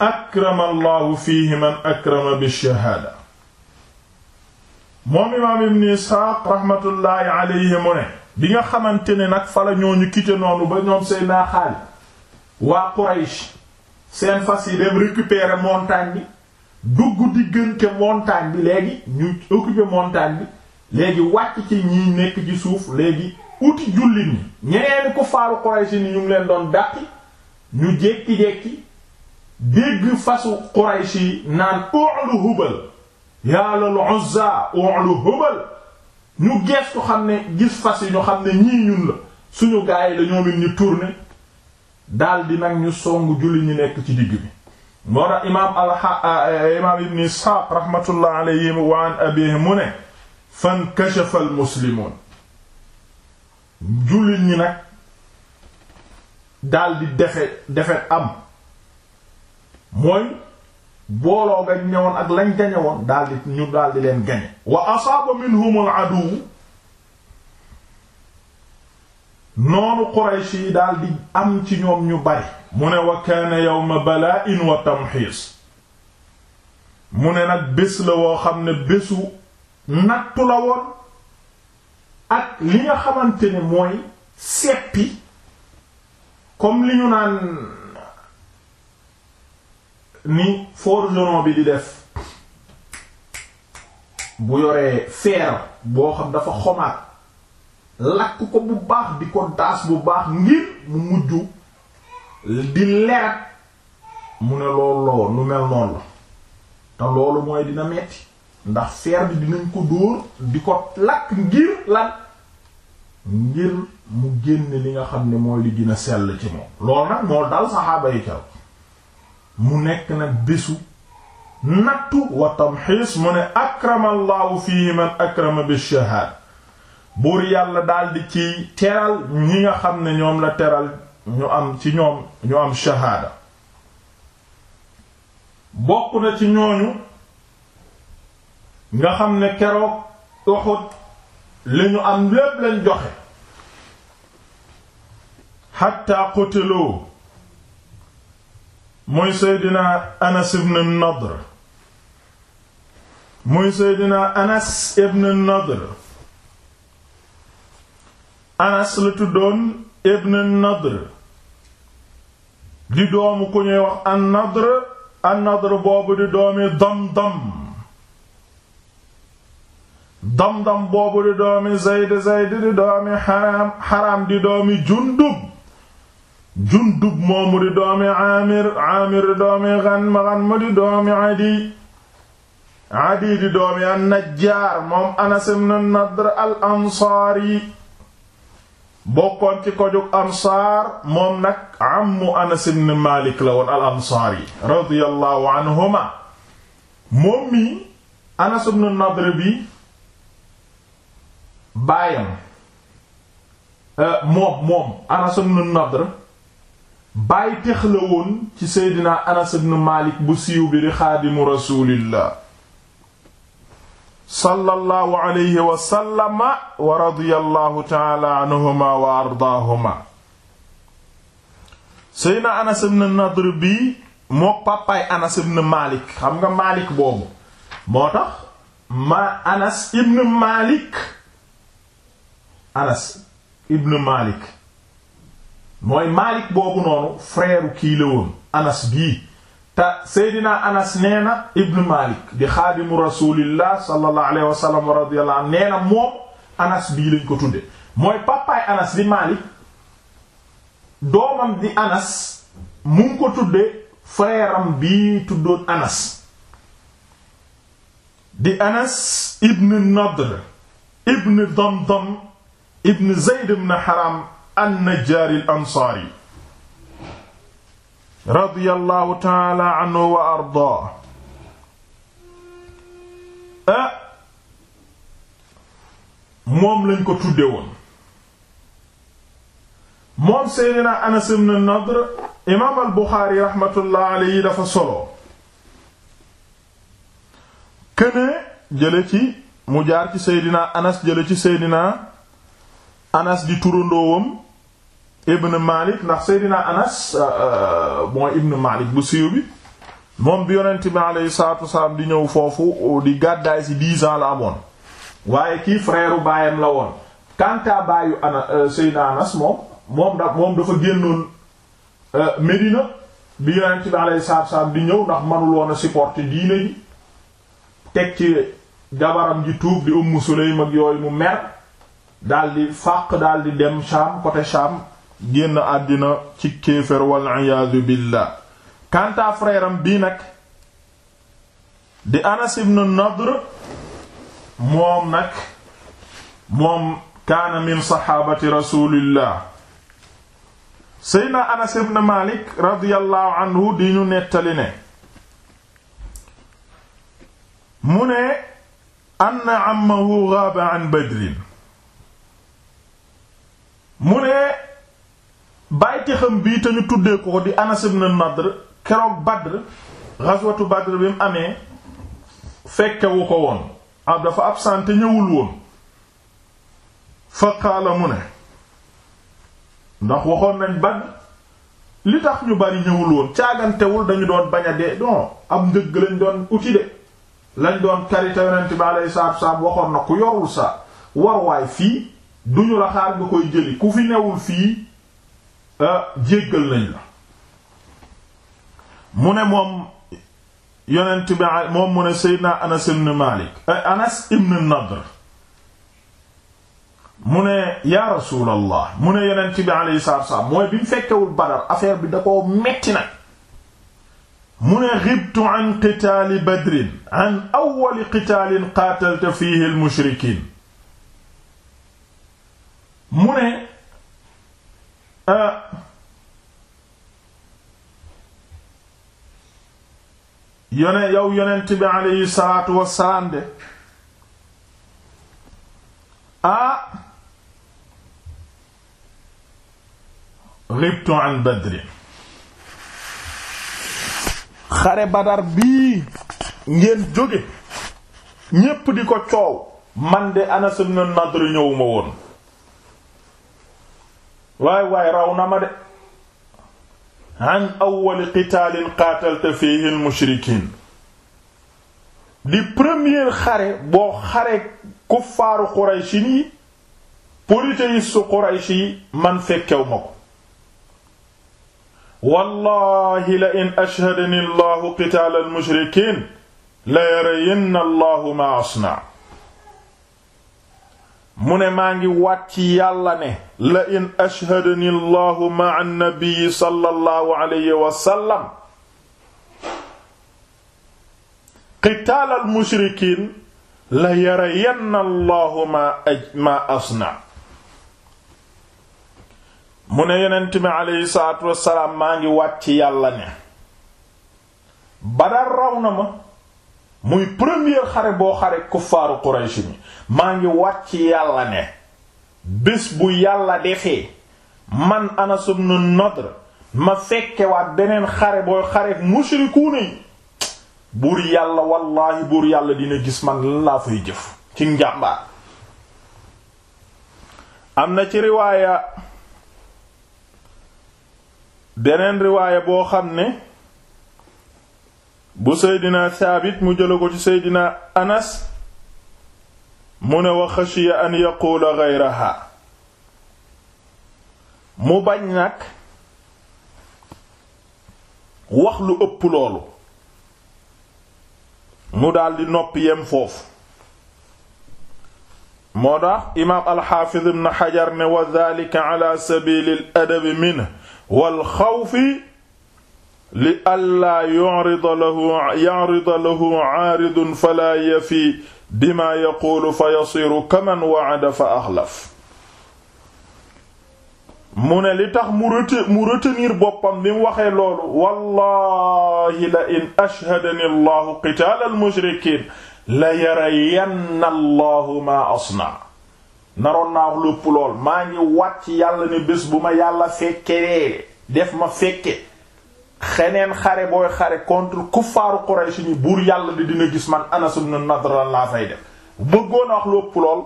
akrama allahu fiihi man akrama bishahaada moom imaam ibn isxaaq raxmatullaahi alayhi mu bi nga xamante ni nag fala ñooñu kite noonu ba ñoom seen naa Xaalid waa Quraysh seen fas dem récupérer montagne bi dugg diggante montagne bi léegi ñu occupé montagne bi léegi wàcc ci ñi nekk ci suuf léegi uti jullit ñi ñeneen ku faaru Quraysh ni ñu ngi leen doon dàqi ñu jékki-jékki dégg fasu Quraysh yi naan u'lu Hubal yaa lal Uzza u'lu Hubal ñu geestu xam ne gis fas yi ñu xam ne ñii ñun la suñu gaay yi dañoo mel ni tourner daldi nag ñu song jullit ñi nekk ci digg bi moo tax imaam al imaam ibn isxaaq rahmatullah alayhim wa an abihi mu ne fankachafa al muslimuun jullit ñi nag daldi defe defet am mooy booloo nga ñëwoon ak lañ gañewoon daldi ñu daldi leen gañe wa asaaba minhum al aduw noonu Quraysh yi daal di am ci ñoom ñu bari mu ne wa kaana yawma bala'in wa tamxiis mu ne nag bés la woo xam ne bésu nattu la woon ak li nga xamante ne mooy seppi comme li ñu naan ni forgeron bi di def bu yoree feer boo xam dafa xomaat lakk ko bu baax di ko daas bu baax ngir mu mujj di leer mu ne loolu la woon lu mel noonu la te loolu mooy dina metti ndax feer bi dinañ ko dóor di ko lakk ngir lan ngir mu génn li nga xam ne mooy li dina sell ci moom loolu nag moo dal saxaaba yi kaw mu nekk na bésu nattu wa tamxiis mu ne akrama allahu fii man akrama bi shahaad buur yàlla daldi ci teral ñi nga xam ne ñoom la teral ñu am ci ñoom ñu am shahaada bokk na ci ñooñu nga xam ne keroog Uhud li ñu am lépp lañ joxe hatta qutilu muy seydina Anas ibn Nadr muy seydina Anas ibn Nadr anas la tuddoon ibn nadr di doomu ku ñuy wax an nadr an nadr boobu di doomi dam-dam dam-dam boobu di doomi zayd zayd di doomi xaram di doomi jundub jundub moomu di doomi aamir aamir di doomi ganm ganm di doomi adiy adiy di doomi an najjaar moom anas ibn nadr al ansaari bokkoon ci kojug ansaar moom nag ammu anas ibn malik la woon al ansaar yi radiyallahu anhuma moom mi anas ibn nadr bi baayam euh, moom moom anas ibn nadr baay tex la woon ci seydina anas ibn malik bu siiw bi di xaadimu rasulillah sallallahu alayhi wa sallama wa radiyallahu ta'ala anhuma wa ardaahuma seyna anas ibn nadr bi moo pàppaay anas ibn malik xam nga malik boobu moo tax ma anas ibn malik anas ibn malik mooy malik boobu noonu frère kii la woon anas bii te Seydina Anas nee na Ibn Malik di xaadimu rasulillah sallallahu alayhi wa sallam wa radiyallahu anhu nee na moom Anas bii lañ ko tudde mooy papaay Anas di Malik doomam di Anas mu ngi ko tudde frère am bii tuddoon Anas di Anas Ibn Nadr Ibn Damdam Ibn Zayd ibn Haram an-Najjar al-Ansari radiyallahu taala anhu wa ardaa ah eh, moom lañ ko tudde woon moom seydina anas ibn nadr imaam al buxaari raxmatullah yi dafa solo këne jële ci mu jaar ci seydina anas jële ci seydina anas di turandoowam ibn Malik ndax Seydina Anas bon euh, euh, ibn Malik bu siiw bi moom bi yonent bi alayhi salaatu di ñëw foofu di gàddaay ci dix la amoon waaye kii freeru baayam la woon kanta baayu Anas euh, Seydina Anas moom moom da moom dafa génnoon Medina bi yonent bi alayhi salaatu di ñëw ndax manul woon a supporter teg ci jabaram ji tuub di Ummu Sulaym ak yooyu mu mer daal di fàq daal di dem Sham côté Sham génn àddina ci kéefër wal iyaadu billah kanta frère am nag di Anas ibn Nadr moom nag moom kaana min saxaabati rasulillah seydna Anas ibn Malik radiyallahu anhu di ñu anna ammahu gaaba an badrin bàyyi te xam bii te ñu tuddee ko di Anas na Nadr keroog Badr ghazwatu Badr bi mu amee fekkewu ko woon ab dafa absenté ñëwul woon fa qaala ne ndax waxoon nañ Badr li tax ñu bari ñëwul woon caagantewul dañu doon bañ a dee don njëgg lañ doon uti de lañ doon karite yonent bi alayhi salaatu waxoon na ku yorul sa warwaay fii duñu la xaar nga koy jëli ku fi newul fii Ah, jéggal nañ la mu ne moom yonent bi moom mu ne Seydina Anas ibn Malik eh, Anas ibn Nadr mu ne yaa rasulallah mu ne yonent bi alayhi salaatu wassalaam mooy bi mu fekkewul Badar affaire bi da koo metti nag mu ne ghibtu an qitaali badrin an awwali qitaalin qaatalta fiihi al-mushrikiin mu ne Ah. yone yow yonent bi aleyhi salaatu wassalaam de ah ribtu an badri xare badar bii ngeen jóge ñépp di ko coow man de Anas ibn Nadr ñëwuma woon waay waay raw na ma de an awwal qitaalin qaatalta fiihi al-mushrikiin di premier xare boo xare kuffaaru Qurayshi yi polythéistes su Qurayshi yi man fekkew ma ko wallahi la in ashhadani allahu qitaal al-mushrikiin la yarayanna allahu ma asnaa mu ne maa ngi wàcc yàlla ne la in ashhadani allahu ma'a an-nabi sallallahu alayhi wa qitaal al-mushrikiin la yarayanna allahu ma ma asna mu ne yonent bi aleyhi salaatu wassalaam maa ngi wàcc yàlla ne Badar raw na ma muy premier xare boo xare kuffaaru Quraysh mi maa ngi wàcc yàlla ne bés bu yàlla defee man Anas ibn Nadr ma fekke waat beneen xare booy xare mushrikuuna yi buur yàlla wallaahi buur yàlla dina gis man lan laa fay jëf ci njàmbaar am na ci riwaaya beneen riwaaya boo xam ne bu seydina Saabit mu jëla ko ci seydina Anas mu ne wa xashiya an yaquula ghayraha mu bañ nag wax lu ëpp loolu mu daldi noppi yem foofu moo tax imaam alxaafiz ibn xajar ne wa dhalika ala sabili al adabi minhu wal xawfi li allaa yurida lahu yurida lahu aaridun falaa yafi bima yaquulu fa yasiru kaman wa'ada fa axlaf mu ne li tax mu rete mu retenir boppam bi mu waxee loolu wallahi la in ashhadani allahu qitaal almushrikiin la yarayanna allahu maa asna naroon naa wax lépp lool maa ngi wàcc yàlla ne bés bu ma yàlla fekkee def ma fekke xeneen xare booy xare contre kuffaaru Quraysh ñi buur yàlla di dina gis man Anas na Nadr laa fay def bëggoon a wax lu ëpp lool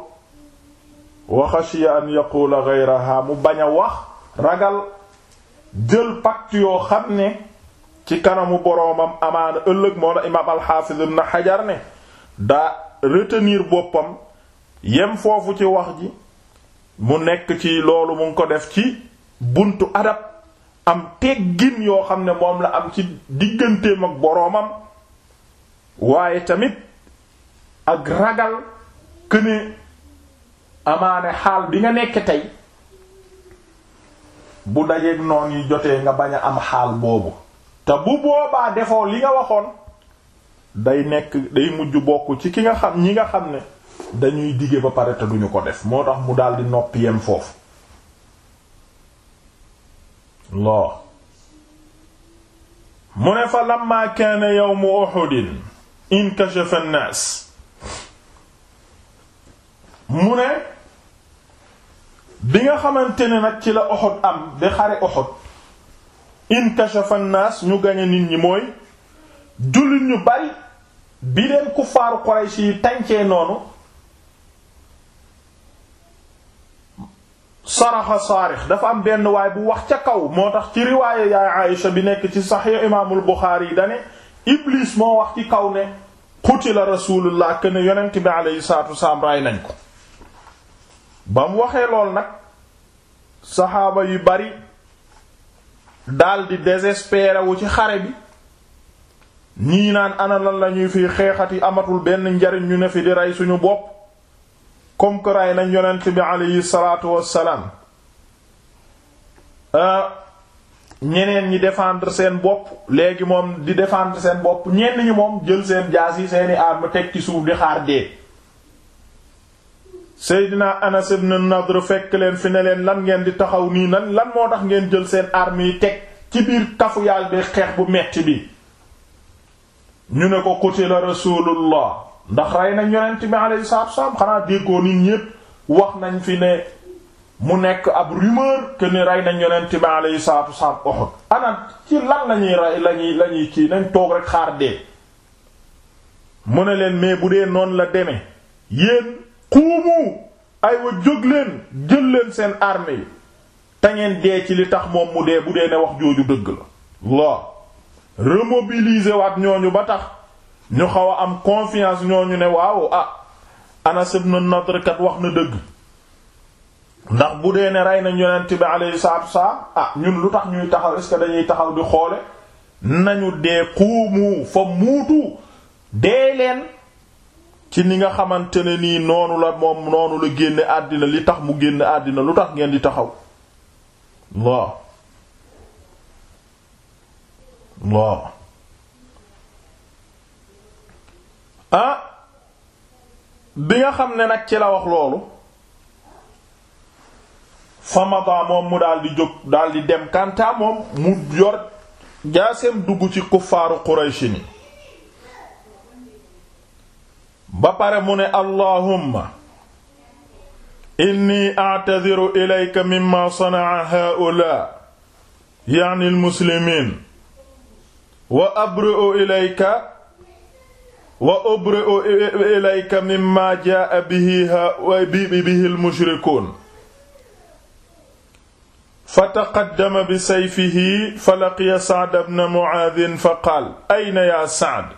wa xashiya yaqula ghayraha mu bañ a wax ragal jël pacte yoo xam ne ci kanamu boroomam amaana ëllëg moo la imaam al-Hafiz ibn ne daa retenir boppam yem foofu ci wax ji mu nekk ci loolu mu ngi ko def ci buntu adab am teggin yoo xam ne moom la am ci digganteem ak boroomam waaye tamit ak ragal këne amaane xaal bi nga nekk tey bu dajeeg noon yi jotee nga bañ a am xaal boobu te bu boobaa defoo li nga waxoon day nekk day mujj bokk ci ki nga xam ñi nga xam ne dañuy dige ba pare te duñu ko def moo tax mu daldi noppi yem foofu loo mu ne fa lamma kaana yawmu Uhud inkashafa an-naas mu ne bi nga xamante ne nag ci la Uhud am di xare Uhud inkashafa an-naas ñu gañe nit ñi mooy jullit ñu bari bi leen kuffaaru Quraysh yi tàncee noonu saraxa saarix dafa am benn waay bu wax ca kaw moo tax ci riwaaye yaay Aïsha bi nekk ci saxiix imaamul Buxaari yi dane Iblis moo wax ci kaw ne qutila rasulullah que ne yonent bi alayhi salaatu wasalaam nañ ko ba mu waxee lool nag saxaaba yi bari daldi désespéré ci xare bi ñii naan ana lan la ñuy xeexat yi amatul benn njariñ ñu ne fi di rey suñu bopp comme que nañ yonent bi aleyhi salaatu wassalaam euh, ñeneen ñi défendre seen bopp léegi moom di défendre seen bopp ñenn ñi moom jël seen jaas yi seeni arme teg ci suuf di xaar dee Seydina Anas ibn Nadr fekk leen fi ne leen lan ngeen di taxaw nii nan lan moo tax ngeen jël seen armi yi teg ci biir tafu yàlla bi xeex bu metti bi ñu ne ko qutila Rasulullah ndax rey nañ yonent bi alayhi salaatu wasallam xanaa déggoo nit ñépp wax nañ fi ne mu nekk ab rumeur que rey nañ yonent bi yu salaatu wasallam Uhud ana ci lan lañuy rey lañuy lañuy kii nañ toog rek xaar dee mu ne leen mais bu dee noonu la demee yéen xuumu aywa jóg leen jël leen seen arme yi te ngeen dee ci li tax moom mu dee bu dee ne wax jooju dëgg la la remobiliser waat ñooñu ba tax ñu xaw a am confiance ñu ne waaw ah Anas ibn Nadr kat wax na dëgg ndax bu dee ne rey nañ yonent bi alayhi salaatu wasalaam ah ñun lu tax ñuy taxaw est dañuy taxaw di xoole nañu dee xuumu fa muutu dee leen ci ni nga xamante ne nii noonu la moom noonu la génne àddina li tax mu génne àddina lu tax ngeen di taxaw waaw waaw ah bi nga xam ne nag ci la wax loolu famada moom mu daal jóg daal dem kantaa moom mu yor jaaseem dugg ci kuffaaru Quraysh ba pare mu ne allahumma inni a'tadhiru ilayka mimma sana'a haa'ulaa ya'ni al wa abri'u ilayka wa ubri'u ilayka mimma jaa'a bihi wa bihi al fa taqaddama bi sayfihi fa laqiya Sa'd ibn Mu'aadh fa qaala ayna yaa Sa'd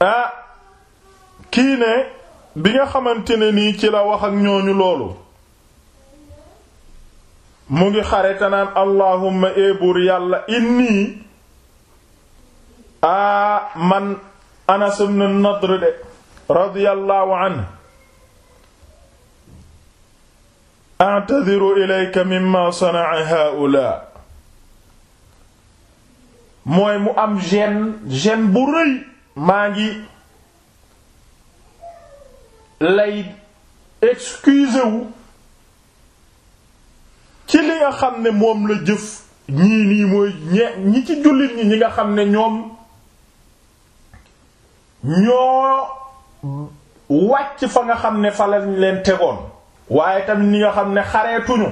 ah kii ne bi nga xamante ne nii ci la wax ak ñooñu loolu mu ngi xare tanaan allahumma ee eh buur yàlla aa man Anas ibn Nadr de radiyallahu anhu a'tadiru ilayka mimma sana'a haa'ulaa mooy mu am gêne gêne bu rëy maa ngi lay excuse ci li nga xam ne moom la jëf ñii nii mooy ñe ñi ci jullit ñi ñi nga xam ne ñoom ñoo wàcc fa nga xam ne fa lañ leen tegoon waaye tamit ñi nga xam ne xareetuñu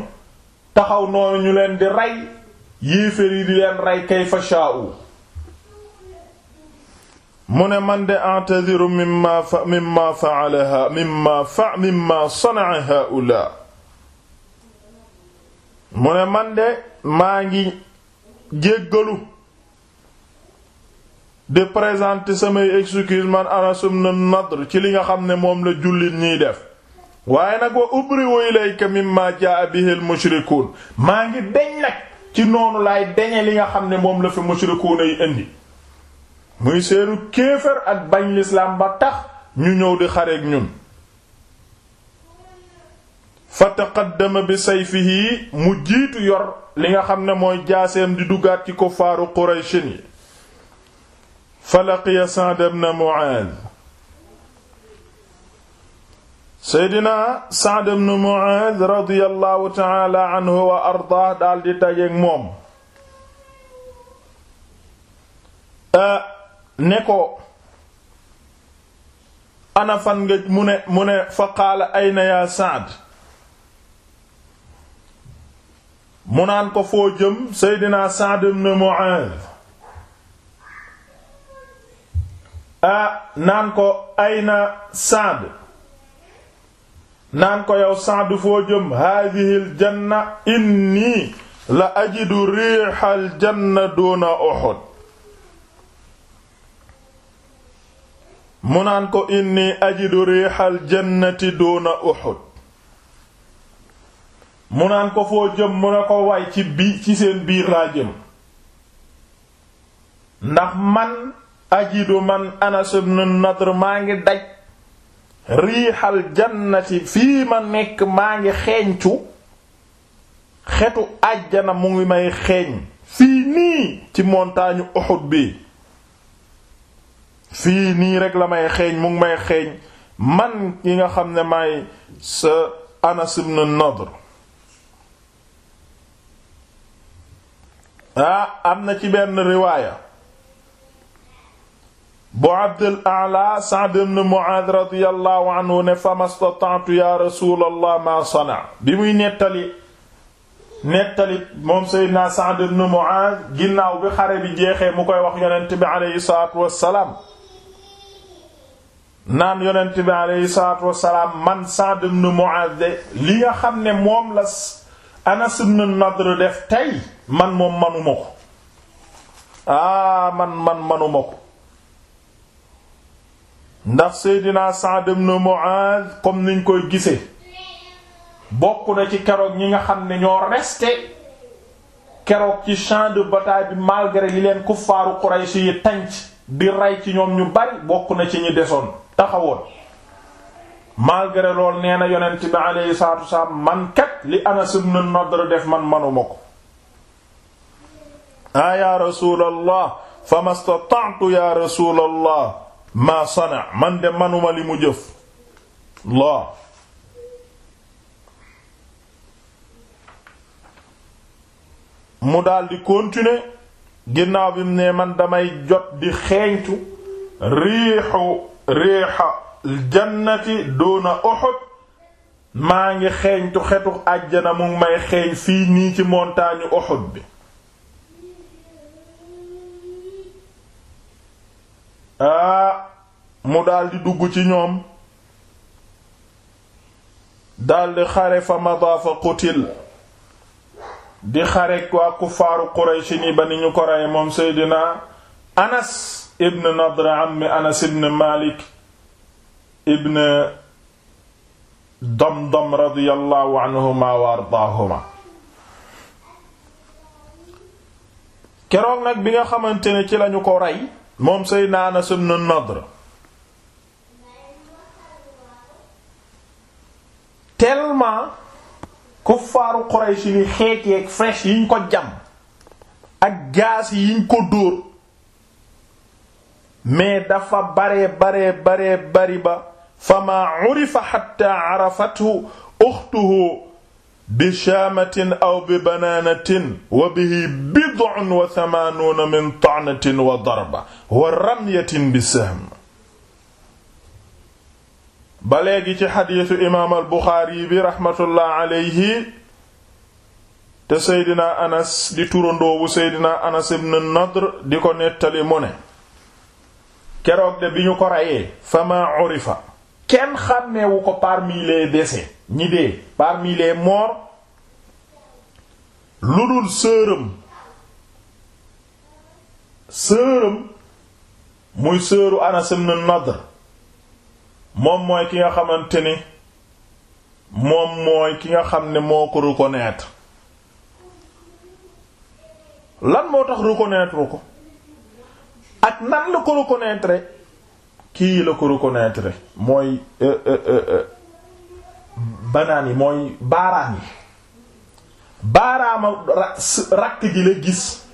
taxaw noonu ñu leen di rey yéeféer yi di leen rey kayfa shaa'u mu ne man de antadiru mimma fa mimma fa'alaha mimma mu ne man de maa ngi jéggalu di présenter samay excuse man Anas ibn Nadr ci li nga xam ne moom la jullit ñiy def waaye nag wa ubriwu ilayka mimma jaa bihi al-mushrikuun maa ngi deñ nag ci noonu laay deñe li nga xam ne moom la fi mushrikuun ay indi muy seenu kéefër ak bañ lislaam ba tax ñu ñëw di xareek ñun fa taqaddama bi sayfihi mu jiitu yor li nga xam ne mooy jaaseem di duggaat ci kuffaaru Qurayshin fa laqiya Sa'd ibn Mu'aaz seydina Sa'd ibn Mu'aaz radiyallahu ta'ala anhu wa ardaa daldi tajeeg moom ne ko ana fan nga mu ne mu ne fa qaala ayna yaa Sa'd mu naan ko foo jëm seydina Sa'd ibn Mu'aaz a naan ko ayna Saad naan ko yow Saad foo jëm janna inni la ajidu riixal janna duna Uhud mu naan ko inni ajidu riixal jannati duna Uhud mu ko foo jëm ko waay ci bi ci seen biir laa jëm ndax man ajidu man Anas ibn maa ngi daj riixal jannati fii ma nekk maa ngi xeeñcu xeetu àjjana mu ngi may xeeñ fii nii ci montagne Uhud bi fii nii rek la may xeeñ mu ngi may xeeñ man ki nga xam ne may sa Anas ibn ah am na ci benn riwaaya bu abdul ala Sa'd ibn Mu'adh radiyallahu anhu ne famastata'tu ya rasulallah ma sana bi muy nettali nettali moom Seydina Sa'd ibn Mu'adh ginnaaw bi xare bi jeexee mu koy wax yonent bi aleyhi salaatu wassalaam naan yonent bi aleyhi salaatu wassalaam man Sa'd ibn de li nga xam ne moom la Anas ibn Nadr def tey man moom manuma ndax Seydina Sa'd ibn Mu'adh comme niñ koy gise bokk na ci keroog ñi nga xam ne ñoo resté keroog ci champ de bi malgré li leen kuffaaru Quraysh yi tànc di rey ci ñoom ñu bari bokk na ci ñi desoon taxawoon malgré lool nee na yonent bi alayhi salaatu wasalaam man kat li Anas ibn def man manuma ko a ya rasulallah fa mastata'tu ya rasulallah maa sana man de manuma li mu jëf laa mu daldi kontine ginnaaw bi mu ne man damay jot di xeeñtu riixu riixa aljannati doona Uhud maa ngi xeeñtu xetu àjjana mu may xeeñ fii nii ci montagne Uhud bi aa ah, mu daldi dugg ci ñoom daldi xare fa mada fa qutil di xare waa kuffaaru qurayshi ni ba ni ñu ko rey moom seydina anas ibn nadr ammi anas ibn malik ibn damdam radiyallahu anhuma wa ardaahuma keroog nag bi nga xamante ne ci lañu ko rey moom Seydina Anas ibn Nadr tellement kuffaaru Quraysh ni xeet yeeg flèche yiñ ko jam ak jaas yiñ ko dóor mais dafa baree baree baree bari ba fa maa urifa hatta arafatu ukhtuhu bi shaamatin aw bi banaanatin wa bihi bid'un wa thamanuuna min ta'natin wa darba wa ramyatin bi sahm ba léegi ci xadiisu imaam al buxaari bi raxmatullah alayhi te seydina anas di turandoobu seydina anas ibn nadr di ko nettali mu ne keroog de bi ko reyee fama urifa kenn xàmmeewu ko par les décès ñi dee parmi les morts lu dul sëram sëram muy sëru Anas ibn Nadr moom mooy ki nga xamante moom mooy ki nga xam ne moo ko reconnaître lan moo tax reconnaître ko ak nan la ko reconnaître kii la ko reconnaître mooy euh, euh, euh, banaan yi mooy baaraan yi baaraama rakk ji la gis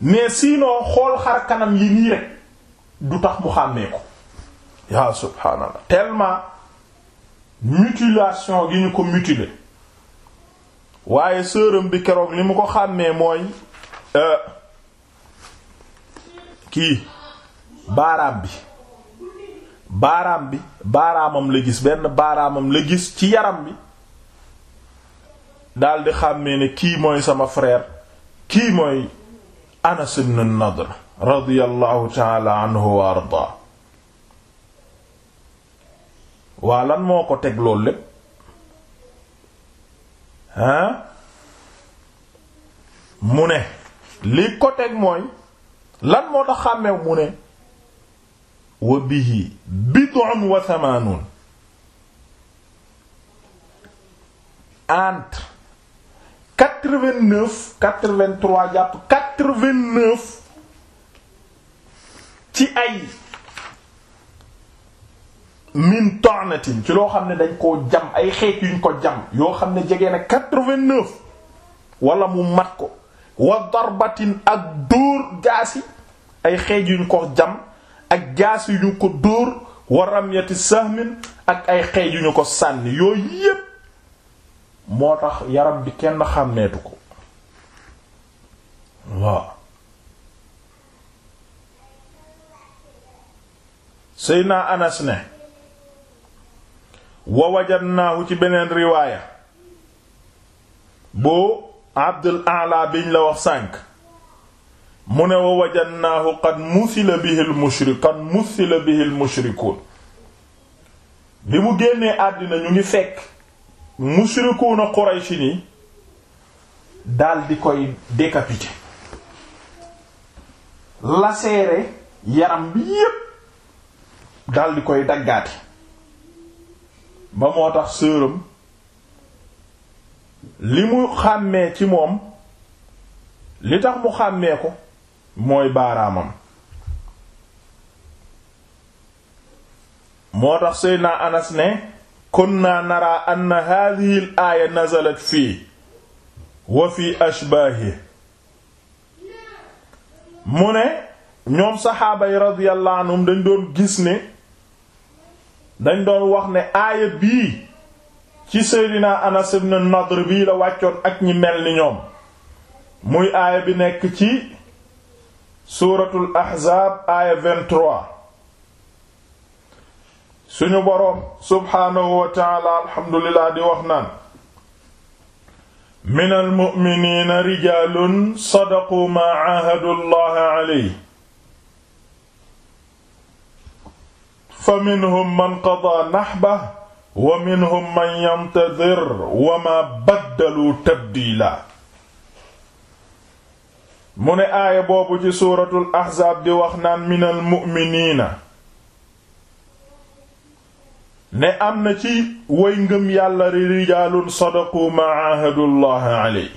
mais sinon xool xar kanam yi nii rek du tax mu xàmmee ko yaa subhaanallah tellement mutilation gi ñu ko mutiler waaye sërëm bi keroog li mu ko xàmmee mooy kii baaraam bi baaraam bi baaraamam la gis benn baaraamam la gis ci yaram bi daldi xàmmee ni kii mooy sama frère kii mooy Anas ibn Nadr radiyallahu ta'ala anhu wa ardaa waa lan moo ko teg loolu lépp hein mu ne li ko teg mooy lan moo tax xàmmeew mu ne wa bihi bid'un wa thamanuun entre quatre-vingt-neuf quatre jàpp quatre-vingt-neuf ci ay min ta'natin ci loo xam ne dañ koo jam ay xeet yuñ ko jam yoo xam ne jege na quatre wala mu mat ko wa darbatin ak dóor jaasi ay xeet yuñ ko jam ak jaas yu ñu ko dóor waramyati sahmin ak ay xeej yu ñu ko sànni yooyu yépp moo tax yaram bi kenn xàmmeetu ko waaw sëy na Anas ne wa wajadnaahu ci beneen riwaaya boo Abdul A'la biñ la wax sànk mu ne wa wajadnaahu qad musila bihi al bi mu génnee àddina ñu ngi fekk mushrikuuna Qurayshi ni dal di koy décapité lacéré yaram bi yépp dal koy daggaati ba moo tax sëram li mu xàmmee ci moom li tax mu xàmmee ko mooy baaraamam moo tax seydna anas ne kunna nara anna hadhihi al aaya nazalat fii wa fi ashbaahi mu ne ñoom saxaaba yi radiyallahu dañ doon gis ni dañ doon wax ne aaya bii ci seydina anas ibn nadr bii la wàccoon ak ñi mel ni ñoom muy aaya bi nekk ci suuratul ahzaab aaya 23 suñu boroom subhaanahu wa taala alhamdulilah di wax naan min almu'miniina rijaalun sadaqu maa aahadu allaha alayhi fa minhum man qadaa nahbahu wa minhum man yantadir wa maa baddalu tabdiila mu ne aaya boobu ci suuratul ahzaab di wax naan minal mu'miniina ne am na ci way ngëm yàlla ri rijaalun sadaqu ma ahadullahi aley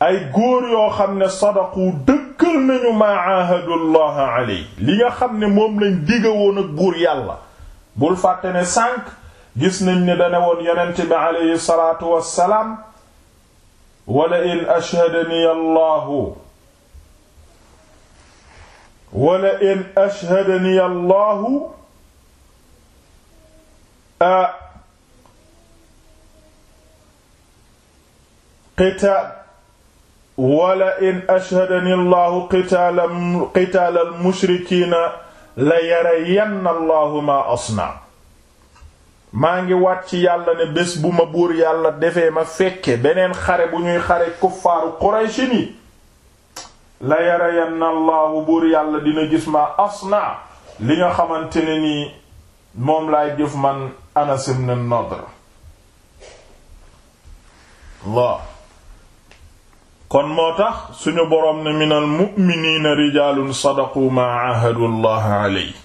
ay góor yoo xam ne sadaqu dëkkal nañu ma ahadullahi aley li nga xam ne moom lañ digga woon ak buur yàlla bul fàtte ne sànq gis nañ ni dane woon yonent bi aleyhi salaatu wassalaam wala in ashhadani allahu wala in ashhadani allahu a qitaal wala in ashhadani allahu qitaal qitaal al mushrikiina la yarayanna allahu ma asnaa maa ngi waat ci yàlla ne bés bu ma buur yàlla defee ma fekke beneen xare bu ñuy xare kuffaaru Qurayshi ni la yarayanna allahu buur yàlla dina gis ma asna li nga xamante nii moom laay jëf man Anas ibn Nadr Allah kon moo tax suñu boroom na minal mu'miniina rijaalun sadaqu ma ahadu allah alayhi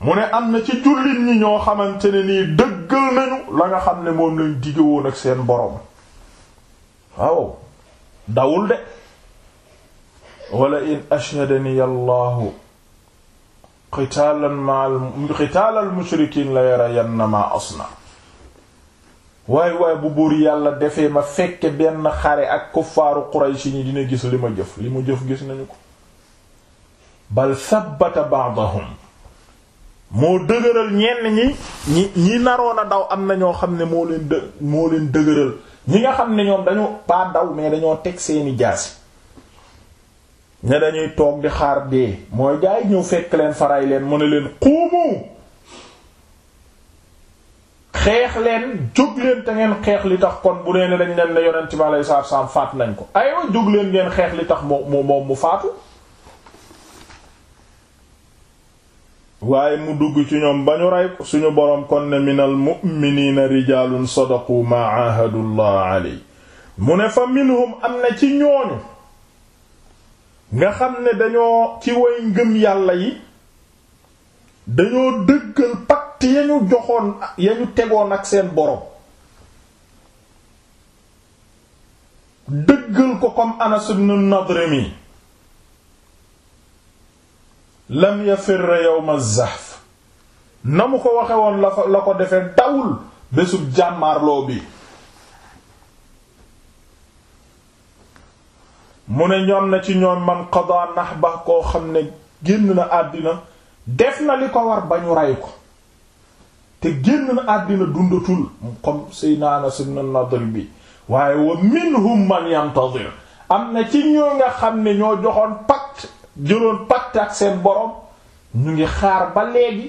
mu ne am na ci jullit ñi ñoo xamante ne nii dëggal nañu la nga xam ne moom lañ dige woon ak seen boroom waaw dawul de wala in ashhadani allahu qitaalan ma'al qitaalal mushrikiin la yarayanna ma asna waay waay bu buur yàlla defee ma fekke benn xare ak kuffaaru qurayshi ñi dina gis li ma jëf li mu jëf gis nañu ko bal thabbata ba'dahum moo dëgëral ñenn ñi ñi ñi naroon a daw am na ñoo xam ne moo leen dë moo leen dëgëral ñi nga xam ne ñoom dañu pas daw mais dañoo teg seeni jaasi ne dañuy toog di xaar dee mooy gaay ñëw fekk leen faray leen mu ne leen xuumu xeex leen jóg leen te ngeen xeex li tax kon bu nee ne dañ leen ne yonent bi alayhi salaam faat nañ ko aywa jóg leen ngeen xeex li tax moo moom mu faatu waaye mu dugg ci ñoom ba ñu rey suñu boroom kon ne minal mu'miniina rijaalun sadaqu maa aahadullah aley mu ne fa minhum am na ci ñooñu nga xam ne dañoo ci way ngëm yàlla yi dañoo dëggal pacte ya ñu joxoon ya ñu tegoon ak seen boroom dëggal ko comme Anas ibn Nadr lam yafirra yawma zahf na mu ko waxe woon la la ko defee dawul bésub jàmmaarloo bi mu ne ñoom na ci ñoom man qada ba koo xam ne génn na àddina def na li ko war ba ñu rey ko te génn na àddina dundatul comme sayna Anas ibn Nadir bi waaye wa minhum man yantadir am na ci ñoo nga xam ne ñoo joxoon pak jëloon pacte ak seen borom ñu ngi xaar ba léegi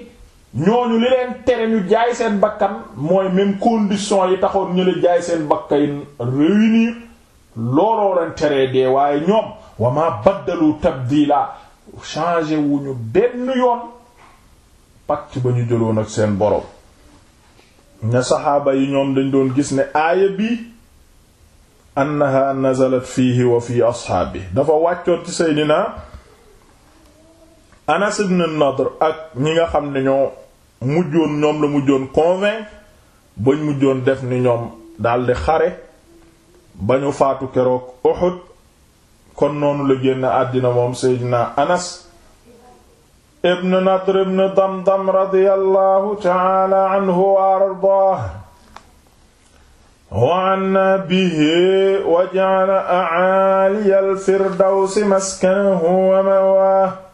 ñooñu li leen tere ñu jaay seen bakkan mooy même condition yi taxoon ñu la jaay seen bakkan réunir looloo leen teree dee waaye ñoom wa ma baddalu tabdila changé wu ñu benn yoon pacte ba ñu jëloon ak seen borom. ne saxaaba yi ñoom dañ doon gis ne aaya bi annaha nazalat fiihi wa fi ashaabi dafa wàccoon ci seydinaa Anas ibn Nadr ak ñi nga xam ne ñoo mujjoon ñoom la mujjoon convaincre bañ mujjoon def ni ñoom daldi xare ba ñu faatu keroog Uhud kon noonu la génn àddina moom Seydina Anas ibn Nadr ibn Damdam radiyallahu ta'ala anhu wa ardaahu wa anna bihi wa ja'ala a'aliyal firdawsi maskanahu wa mawaahu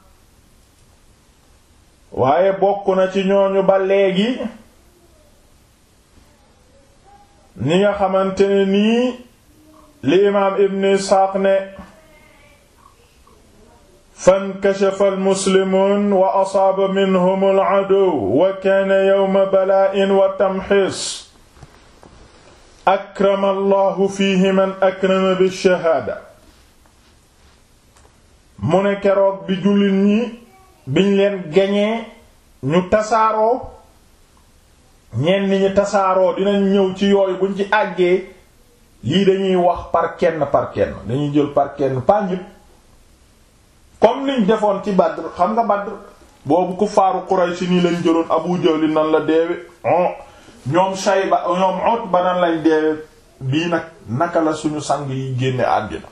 waaye bokk na ci ñooñu ba léegi ni nga xamante ni nii li imaam ibn isxaaq ne fankashafa almuslimuun wa asaaba minhum aladow wa kaana yowma biñ leen gañee ñu tasaaroo ñenn ñu tasaaroo dinañ ñëw ci yooyu buñ ci àggee lii dañuy wax par kenn par kenn dañuy jël par kenn par ñépp comme niñ defoon ci Badr xam nga Badr boobu ku faaru si nii lañ jëloon Abu Jahl nan la deewe oh, ñoom Shayba ñoom Utba nan lañ deewe bii nag naka la suñu sang yi génne àddina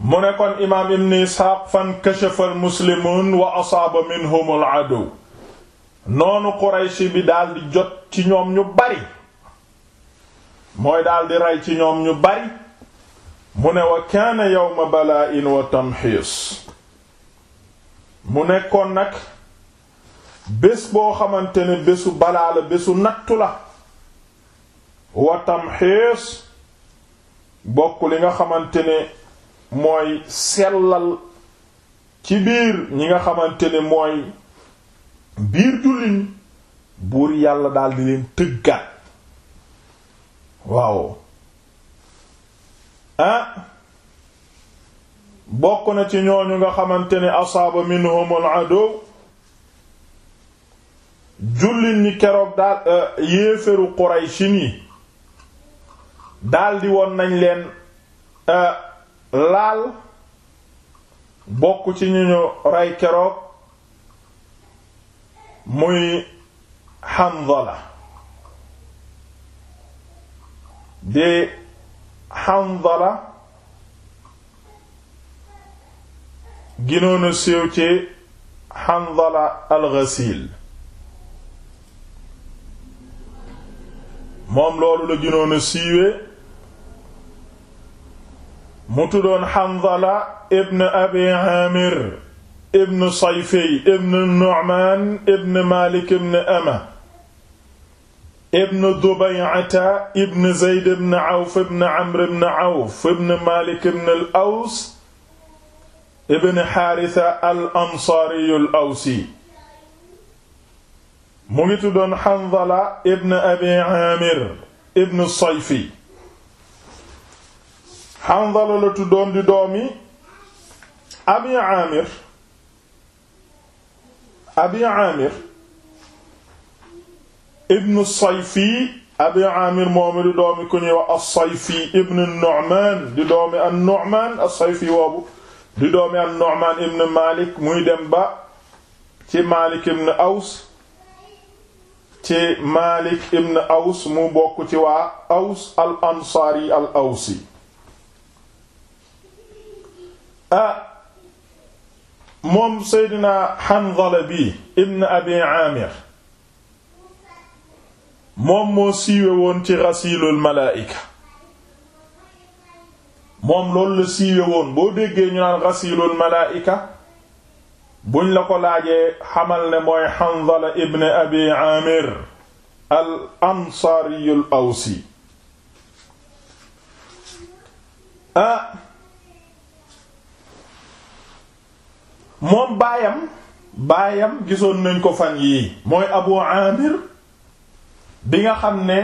mu ne kon imaam ibn isxaaq fan kashafa al muslimun wa asaaba minhum al adow noonu qurayshi bi daldi jot ci ñoom ñu bari mooy daldi rey ci ñoom ñu bari mu ne wa kaana yawma bala'in wa tamxiis mu nekkoon nag bés boo xamante ne bésu balaa la bésu nattu la wa tamxiis bokk li nga xamante ne mooy sellal ci biir ñi nga xamante mooy biir julliñ buur yàlla daldi di leen tëggaat waaw ah bokk na ci ñooñu nga xamante ne asaaba minhumul adow jullit ñi keroog daal eh, yéeféru Quraysh yi daldi woon nañ leen eh, laal bokk ci ñu ñu rey keroog muy Hanzala di Hanzala ginoon a siiw ci Hanzala al-Ghasil moom loolu la ginoon a siiwee mu tuddoon Hanzala ibn abi Aamir ibn Sayfi ibn Nu'maan ibn Maalik ibn Ama ibn Dubay'ata ibn Zayd ibn Awf ibn Amr ibn Awf ibn Maalik ibn al-Aws ibn Haaritha al-Ansaari al-Awsi mu ngi tuddoon Hanzala ibn abi Aamir ibn Sayfi Hanzala la tuddoon di doomi Abi Amir Abi Amir ibnu Sayfi Abi Amir moomi di doomi ku ñuy wax as-Sayfi ibnu Nu'man di doomi an-Nu'man as-Sayfi woobu di doomi an-Nu'man ibnu Malik muy dem ba ci Malik ibnu Aws ci Malik ibnu Aws mu bokk ci waa Aws al-Ansari al-Awsi ah moom Seydina Hanzala bi ibn Abi Amir moom moo siiwe woon ci rasilul malaayika moom loolu la siiwe woon boo déggee ñu naan rasilul malaayika buñ la ko laajee xamal ne mooy Hanzala ibn Abi Amir al ansaariyul awsi ah moom baayam baayam gisoon nañ ko fan yii mooy Abu Amir bi nga xam ne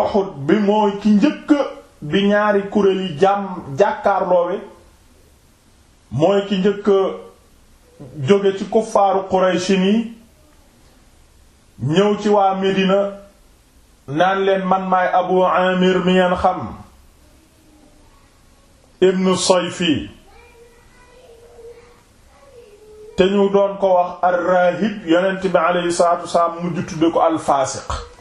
Uhud bi mooy ki njëkk bi ñaari kuréel yi jàmm jàkkaarloowe mooy ki njëkk jóge ci kuffaaru Qurayshin yi ñëw ci waa Medina naan leen man maay Abu Amir mi ngeen xam ibnu Sayfi te ñu doon ko wax ar-raahib yonent bi alayhi salaatu wasalaam mujj tudde ko al-faasiq